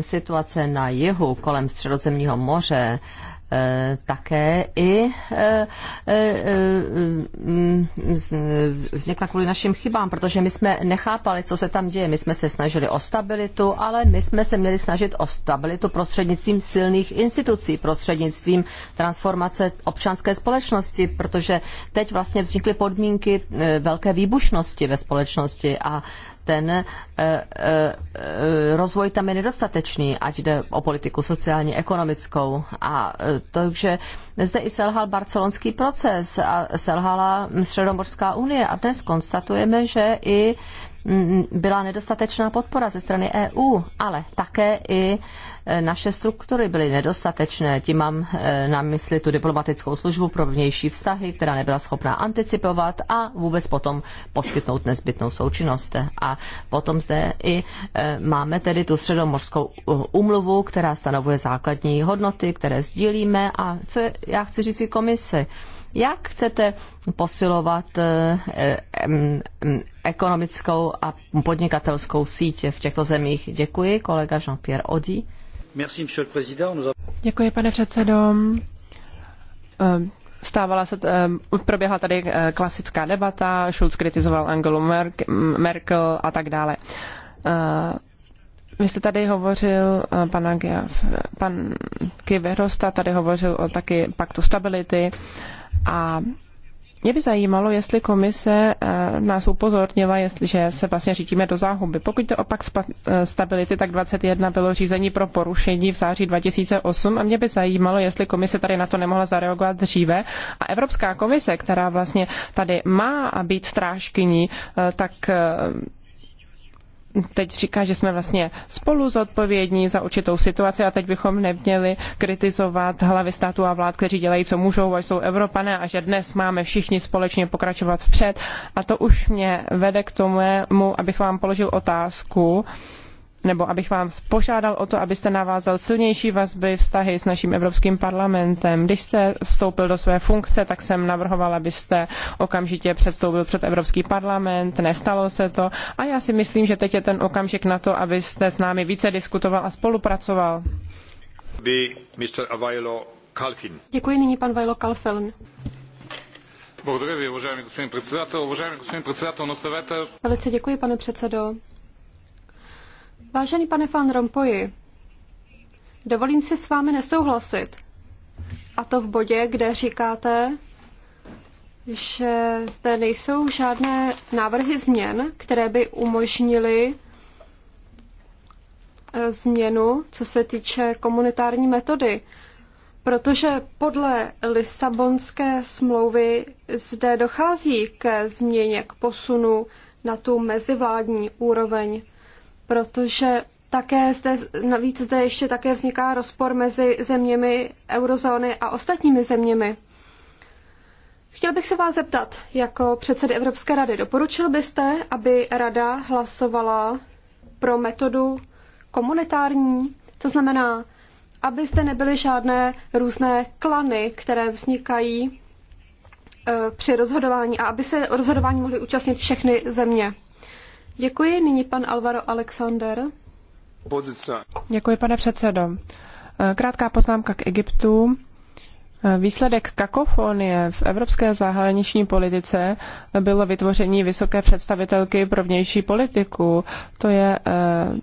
Situace na jihu kolem Středozemního moře Eh, také i eh, eh, mm, vznikla kvůli našim chybám, protože my jsme nechápali, co se tam děje. My jsme se snažili o stabilitu, ale my jsme se měli snažit o stabilitu prostřednictvím silných institucí, prostřednictvím transformace občanské společnosti, protože teď vlastně vznikly podmínky velké výbušnosti ve společnosti a ten eh, eh, rozvoj tam je nedostatečný, ať jde o politiku sociálně ekonomickou. A eh, takže zde i selhal barcelonský proces a selhala Středomorská unie. A dnes konstatujeme, že i mm, mm, byla nedostatečná podpora ze strany EU, ale také i Eh, naše struktury byly nedostatečné. Tím mám eh, na mysli tu diplomatickou službu pro vnější vztahy, která nebyla schopná anticipovat a vůbec potom poskytnout nezbytnou součinnost. A potom zde i eh, máme tedy tu středomorskou umluvu, která stanovuje základní hodnoty, které sdílíme a co je, já chci říct i komisi. Jak chcete posilovat mm, mm, ekonomickou a podnikatelskou síť v těchto zemích? Děkuji, kolega Jean-Pierre Odí. Děkuji, pane předsedo. Ehm, stávala se, ehm, proběhla tady eh, klasická debata, Schulz kritizoval Angelu Merkel a tak dále. Eh, vy jste tady hovořil, eh, pan, pan tady hovořil o taky paktu stability a mě by zajímalo, jestli komise eh, nás upozornila, jestliže se vlastně řídíme do záhuby. Pokud to opak eh, stability, tak 21 bylo řízení pro porušení v září 2008 a mě by zajímalo, jestli komise tady na to nemohla zareagovat dříve. A Evropská komise, která vlastně tady má být strážkyní, eh, tak teď říká, že jsme vlastně spolu zodpovědní za určitou situaci a teď bychom neměli kritizovat hlavy států a vlád, kteří dělají, co můžou, a jsou Evropané a že dnes máme všichni společně pokračovat vpřed. A to už mě vede k tomu, abych vám položil otázku, nebo abych vám požádal o to, abyste navázal silnější vazby, vztahy s naším Evropským parlamentem. Když jste vstoupil do své funkce, tak jsem navrhoval, abyste okamžitě předstoupil před Evropský parlament, nestalo se to a já si myslím, že teď je ten okamžik na to, abyste s námi více diskutoval a spolupracoval. By Mr. Availo Kalfin. Děkuji nyní pan Vajlo Kalfin. Благодаря ви, уважаеми господин председател. Уважаеми господин председател на съвета. Velice děkuji, pane předsedo. Vážený pane Van Rompuyi, dovolím si s vámi nesouhlasit. A to v bodě, kde říkáte, že zde nejsou žádné návrhy změn, které by umožnily eh, změnu, co se týče komunitární metody. Protože podle Lisabonské smlouvy zde dochází ke změně, k posunu na tu mezivládní úroveň protože také zde, navíc zde ještě také vzniká rozpor mezi zeměmi eurozóny a ostatními zeměmi. Chtěl bych se vás zeptat, jako předsedy Evropské rady, doporučil byste, aby rada hlasovala pro metodu komunitární, to znamená, aby zde nebyly žádné různé klany, které vznikají eh, při rozhodování a aby se rozhodování mohly účastnit všechny země. Děkuji. Nyní pan Alvaro Alexander. Děkuji, pane předsedo. Eh, krátká poznámka k Egyptu. Eh, výsledek kakofonie v evropské zahraniční politice bylo vytvoření vysoké představitelky pro vnější politiku. To je eh,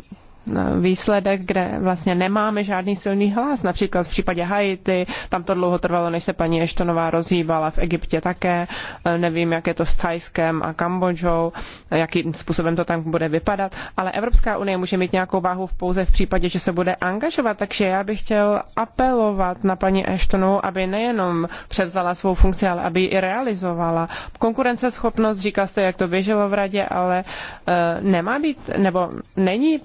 výsledek, kde vlastně nemáme žádný silný hlas. Například v případě Haiti, tam to dlouho trvalo, než se paní Eštonová rozhýbala, v Egyptě také, e, nevím, jak je to s Thajskem a Kambodžou, e, jakým způsobem to tam bude vypadat, ale Evropská unie může mít nějakou váhu v pouze v případě, že se bude angažovat, takže já bych chtěl apelovat na paní Eštonovou, aby nejenom převzala svou funkci, ale aby ji i realizovala. Konkurenceschopnost, říkal jste, jak to běželo v radě, ale e, nemá být, nebo není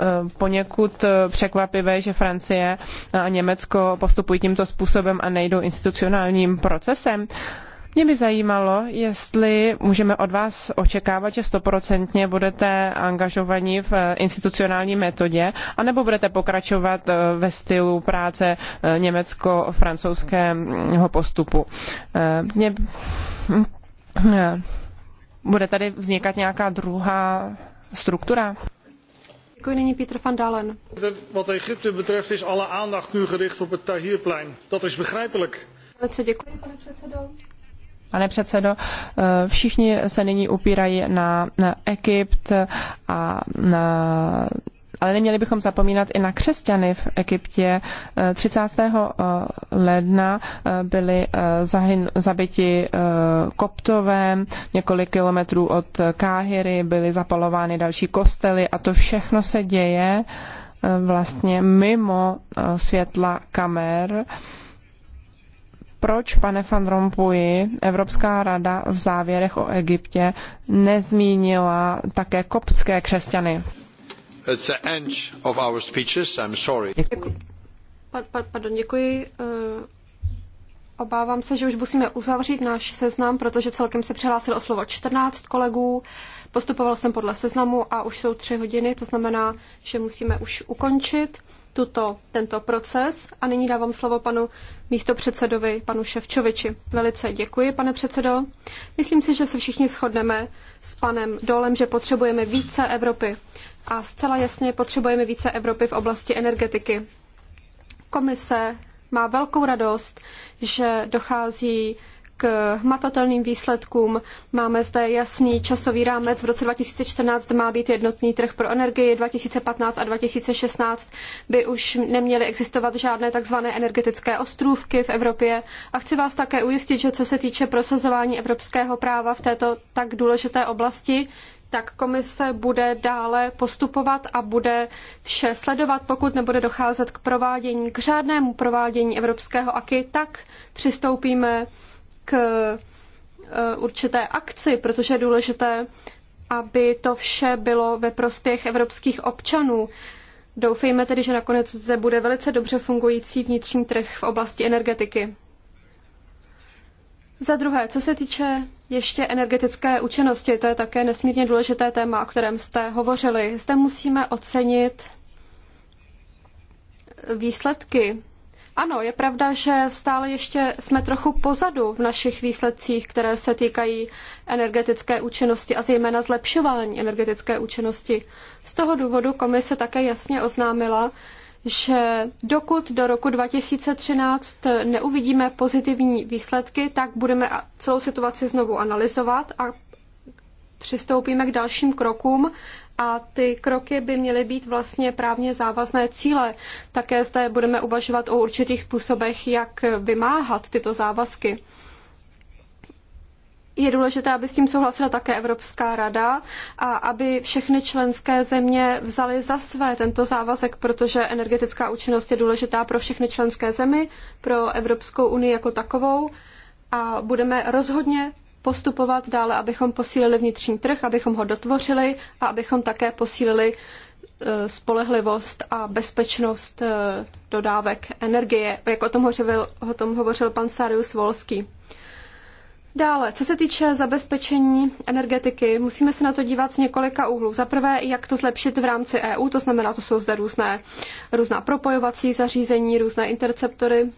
Eh, poněkud eh, překvapivé, že Francie a Německo postupují tímto způsobem a nejdou institucionálním procesem. Mě by zajímalo, jestli můžeme od vás očekávat, že stoprocentně budete angažovaní v eh, institucionální metodě, anebo budete pokračovat ve stylu práce německo-francouzského postupu. Mě... Hm, bude tady vznikat nějaká druhá struktura? Děkuji, nyní van Dalen. Wat Egypte betreft is alle aandacht nu gericht op het Tahrirplein. Dat is begrijpelijk. Velice děkuji, pane předsedo. Pane předsedo, eh, všichni se nyní upírají na, na Egypt a na ale neměli bychom zapomínat i na křesťany v Egyptě. 30. Eh, eh, ledna eh, byli zahyn, zabiti koptové, několik kilometrů od Káhyry byly zapalovány další kostely a to všechno se děje vlastně mimo světla kamer proč, pane Van Rompuy, Evropská rada v závěrech o Egyptě nezmínila také koptské křesťany? It's the end of our speeches. I'm sorry. Děkuji. Pardon, děkuji. Eh, obávám se, že už musíme uzavřít náš seznam, protože celkem se přihlásilo o slovo 14 kolegů. Postupoval jsem podle seznamu a už jsou tři hodiny, to znamená, že musíme už ukončit tuto, tento proces. A nyní dávám slovo panu místopředsedovi, panu Ševčoviči. Velice děkuji, pane předsedo. Myslím si, že se všichni shodneme s panem Dolem, že potřebujeme více Evropy a zcela jasně potřebujeme více Evropy v oblasti energetiky. Komise má velkou radost, že dochází k hmatatelným výsledkům. Máme zde jasný časový rámec. V roce 2014 má být jednotný trh pro energii, 2015 a 2016 by už neměly existovat žádné tzv. energetické ostrůvky v Evropě. A chci vás také ujistit, že co se týče prosazování evropského práva v této tak důležité oblasti, tak komise bude dále postupovat a bude vše sledovat, pokud nebude docházet k provádění, k řádnému provádění evropského aky, tak přistoupíme k e, určité akci, protože je důležité, aby to vše bylo ve prospěch evropských občanů. Doufejme tedy, že nakonec zde bude velice dobře fungující vnitřní trh v oblasti energetiky. Za druhé, co se týče ještě energetické účinnosti, to je také nesmírně důležité téma, o kterém jste hovořili. Zde musíme ocenit výsledky. Ano, je pravda, že stále ještě jsme trochu pozadu v našich výsledcích, které se týkají energetické účinnosti a zejména zlepšování energetické účinnosti. Z toho důvodu komise také jasně oznámila, že dokud do roku 2013 neuvidíme pozitivní výsledky, tak budeme celou situaci znovu analyzovat a přistoupíme k dalším krokům a ty kroky by měly být vlastně právně závazné cíle. Také zde budeme uvažovat o určitých způsobech, jak vymáhat tyto závazky je důležité, aby s tím souhlasila také Evropská rada a aby všechny členské země vzaly za své tento závazek, protože energetická účinnost je důležitá pro všechny členské zemi, pro Evropskou unii jako takovou a budeme rozhodně postupovat dále, abychom posílili vnitřní trh, abychom ho dotvořili a abychom také posílili eh, spolehlivost a bezpečnost eh, dodávek energie, jak o tom hovořil, o tom hovořil pan Sarius Volský. Dále, co se týče zabezpečení energetiky, musíme se na to dívat z několika úhlů. Za prvé, jak to zlepšit v rámci EU, to znamená, to jsou zde různé, různá propojovací zařízení, různé interceptory.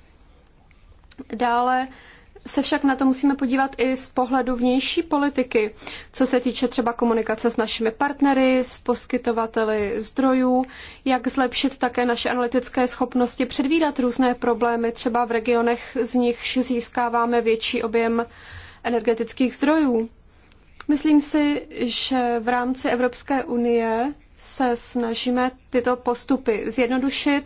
Dále se však na to musíme podívat i z pohledu vnější politiky, co se týče třeba komunikace s našimi partnery, s poskytovateli zdrojů, jak zlepšit také naše analytické schopnosti předvídat různé problémy, třeba v regionech, z nichž získáváme větší objem energetických zdrojů. Myslím si, že v rámci Evropské unie se snažíme tyto postupy zjednodušit,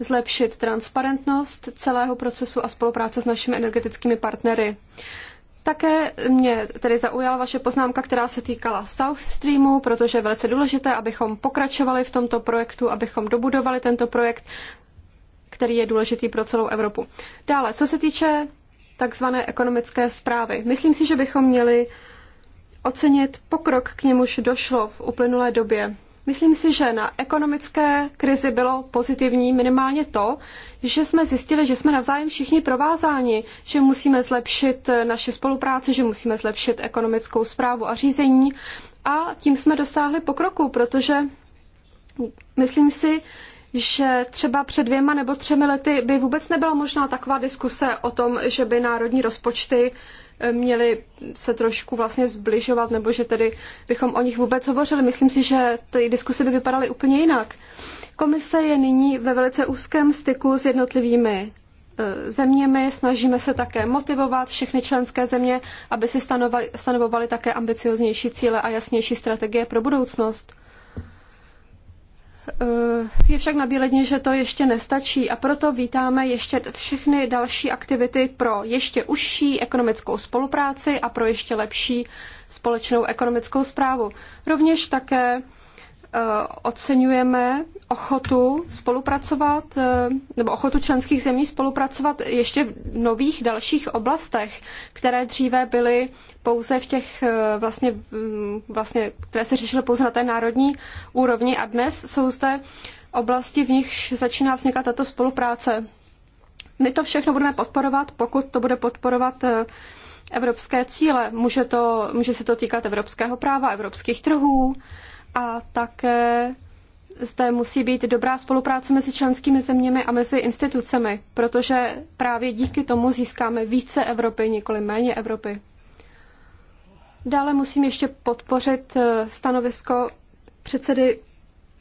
zlepšit transparentnost celého procesu a spolupráce s našimi energetickými partnery. Také mě tedy zaujala vaše poznámka, která se týkala South Streamu, protože je velice důležité, abychom pokračovali v tomto projektu, abychom dobudovali tento projekt, který je důležitý pro celou Evropu. Dále, co se týče takzvané ekonomické zprávy. Myslím si, že bychom měli ocenit pokrok, k němuž došlo v uplynulé době. Myslím si, že na ekonomické krizi bylo pozitivní minimálně to, že jsme zjistili, že jsme navzájem všichni provázáni, že musíme zlepšit naši spolupráci, že musíme zlepšit ekonomickou zprávu a řízení. A tím jsme dosáhli pokroku, protože myslím si, že třeba před dvěma nebo třemi lety by vůbec nebyla možná taková diskuse o tom, že by národní rozpočty eh, měly se trošku vlastně zbližovat, nebo že tedy bychom o nich vůbec hovořili. Myslím si, že ty diskuse by vypadaly úplně jinak. Komise je nyní ve velice úzkém styku s jednotlivými eh, zeměmi. Snažíme se také motivovat všechny členské země, aby si stanovovaly také ambicioznější cíle a jasnější strategie pro budoucnost. Eh, je však nabíledně, že to ještě nestačí a proto vítáme ještě všechny další aktivity pro ještě užší ekonomickou spolupráci a pro ještě lepší společnou ekonomickou zprávu. Rovněž také Eh, oceňujeme ochotu spolupracovat, eh, nebo ochotu členských zemí spolupracovat ještě v nových dalších oblastech, které dříve byly pouze v těch eh, vlastně, mm, vlastně které se řešily pouze na té národní úrovni a dnes jsou zde oblasti, v nichž začíná vznikat tato spolupráce. My to všechno budeme podporovat, pokud to bude podporovat evropské cíle. Může, to, může se to týkat evropského práva, evropských trhů, a také zde musí být dobrá spolupráce mezi členskými zeměmi a mezi institucemi, protože právě díky tomu získáme více Evropy, nikoli méně Evropy. Dále musím ještě podpořit eh, stanovisko předsedy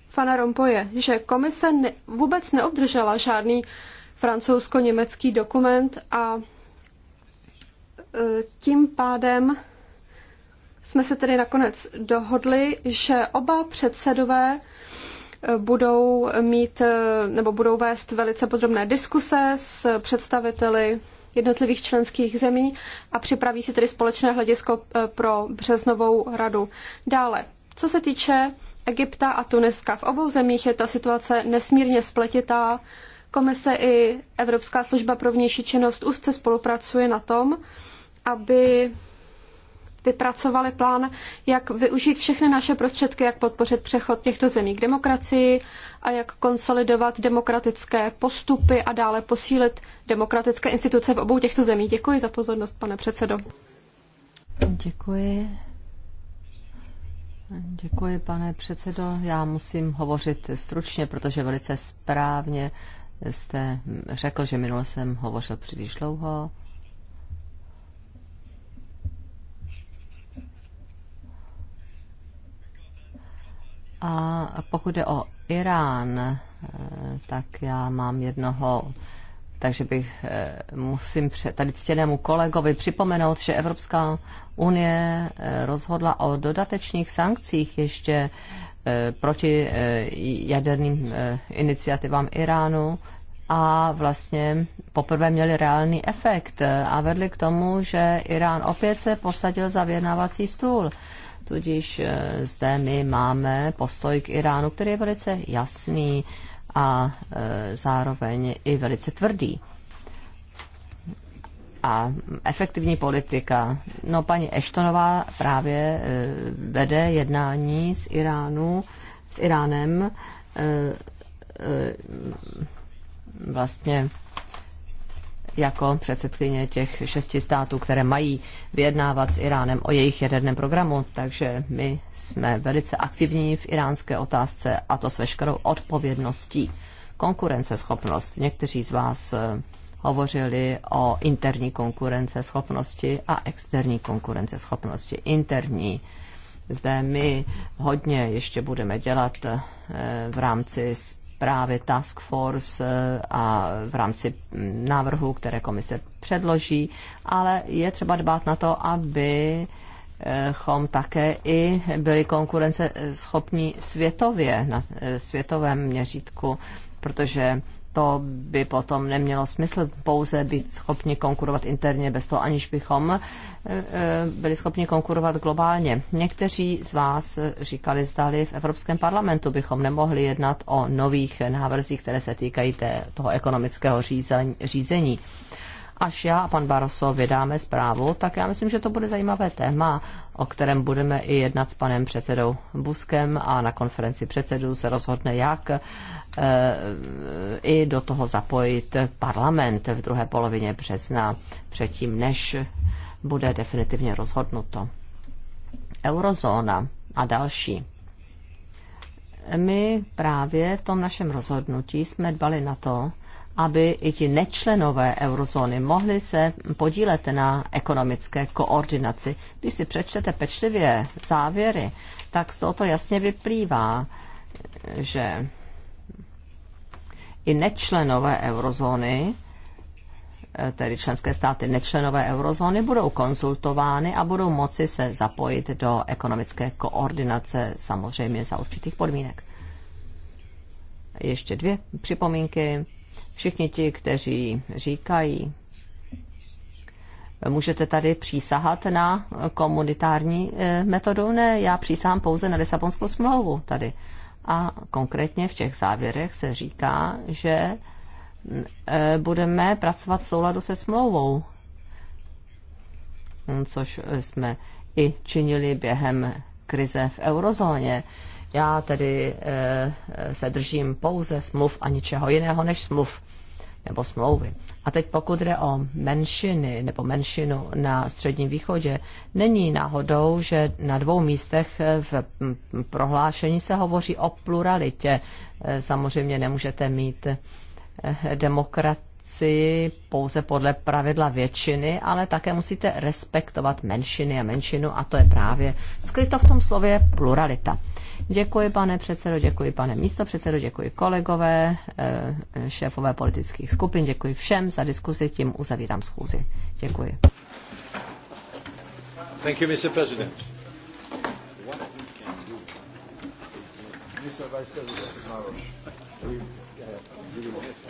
Fana Rompoje, že komise ne, vůbec neobdržela žádný francouzsko-německý dokument a eh, tím pádem jsme se tedy nakonec dohodli, že oba předsedové eh, budou mít eh, nebo budou vést velice podrobné diskuse s představiteli jednotlivých členských zemí a připraví si tedy společné hledisko eh, pro březnovou radu. Dále, co se týče Egypta a Tuniska, v obou zemích je ta situace nesmírně spletitá. Komise i Evropská služba pro vnější činnost úzce spolupracuje na tom, aby vypracovali plán, jak využít všechny naše prostředky, jak podpořit přechod těchto zemí k demokracii a jak konsolidovat demokratické postupy a dále posílit demokratické instituce v obou těchto zemí. Děkuji za pozornost, pane předsedo. Děkuji. Děkuji, pane předsedo. Já musím hovořit stručně, protože velice správně jste řekl, že minule jsem hovořil příliš dlouho. A pokud je o Irán, eh, tak já mám jednoho, takže bych eh, musím tady ctěnému kolegovi připomenout, že Evropská unie eh, rozhodla o dodatečných sankcích ještě proti jaderným iniciativám Iránu a vlastně poprvé měli reálný efekt a vedli k tomu, že Irán opět se posadil za vyjednávací stůl. Tudíž eh, zde my máme postoj k Iránu, který je velice jasný a eh, zároveň i velice tvrdý. A efektivní politika. No, paní Eštonová právě eh, vede jednání s Iránu, s Iránem vlastně jako předsedkyně těch šesti států, které mají vyjednávat s Iránem o jejich jaderném programu. Takže my jsme velice aktivní v iránské otázce a to s veškerou odpovědností. Konkurenceschopnost. Někteří z vás eh, hovořili o interní konkurenceschopnosti a externí konkurenceschopnosti. Interní zde my hodně ještě budeme dělat eh, v rámci právě task force eh, a v rámci mm, návrhu, které komise předloží, ale je třeba dbát na to, aby eh, chom také i byli konkurenceschopní světově, na eh, světovém měřítku, protože to by potom nemělo smysl pouze být schopni konkurovat interně bez toho, aniž bychom e, e, byli schopni konkurovat globálně. Někteří z vás říkali, zdali v Evropském parlamentu bychom nemohli jednat o nových návrzích, které se týkají té, toho ekonomického řízení. řízení až já a pan Baroso vydáme zprávu, tak já myslím, že to bude zajímavé téma, o kterém budeme i jednat s panem předsedou Buskem a na konferenci předsedů se rozhodne, jak eh, i do toho zapojit parlament v druhé polovině března, předtím než bude definitivně rozhodnuto. Eurozóna a další. My právě v tom našem rozhodnutí jsme dbali na to, aby i ti nečlenové eurozóny mohli se podílet na ekonomické koordinaci. Když si přečtete pečlivě závěry, tak z tohoto jasně vyplývá, že i nečlenové eurozóny, tedy členské státy nečlenové eurozóny, budou konzultovány a budou moci se zapojit do ekonomické koordinace samozřejmě za určitých podmínek. Ještě dvě připomínky Všichni ti, kteří říkají, můžete tady přísahat na komunitární eh, metodu? Ne, já přísahám pouze na Lisabonskou smlouvu tady. A konkrétně v těch závěrech se říká, že mm, eh, budeme pracovat v souladu se smlouvou, mm, což jsme i činili během krize v eurozóně. Já tedy eh, se držím pouze smluv a ničeho jiného než smluv nebo smlouvy. A teď pokud jde o menšiny nebo menšinu na Středním východě, není náhodou, že na dvou místech v prohlášení se hovoří o pluralitě. E, samozřejmě nemůžete mít e, demokrat demokracii pouze podle pravidla většiny, ale také musíte respektovat menšiny a menšinu a to je právě skryto v tom slově pluralita. Děkuji, pane předsedo, děkuji, pane předsedo, děkuji kolegové, eh, šéfové politických skupin, děkuji všem za diskusi, tím uzavírám schůzi. Děkuji. Thank you, Mr. President. Mr. Vice President, tomorrow.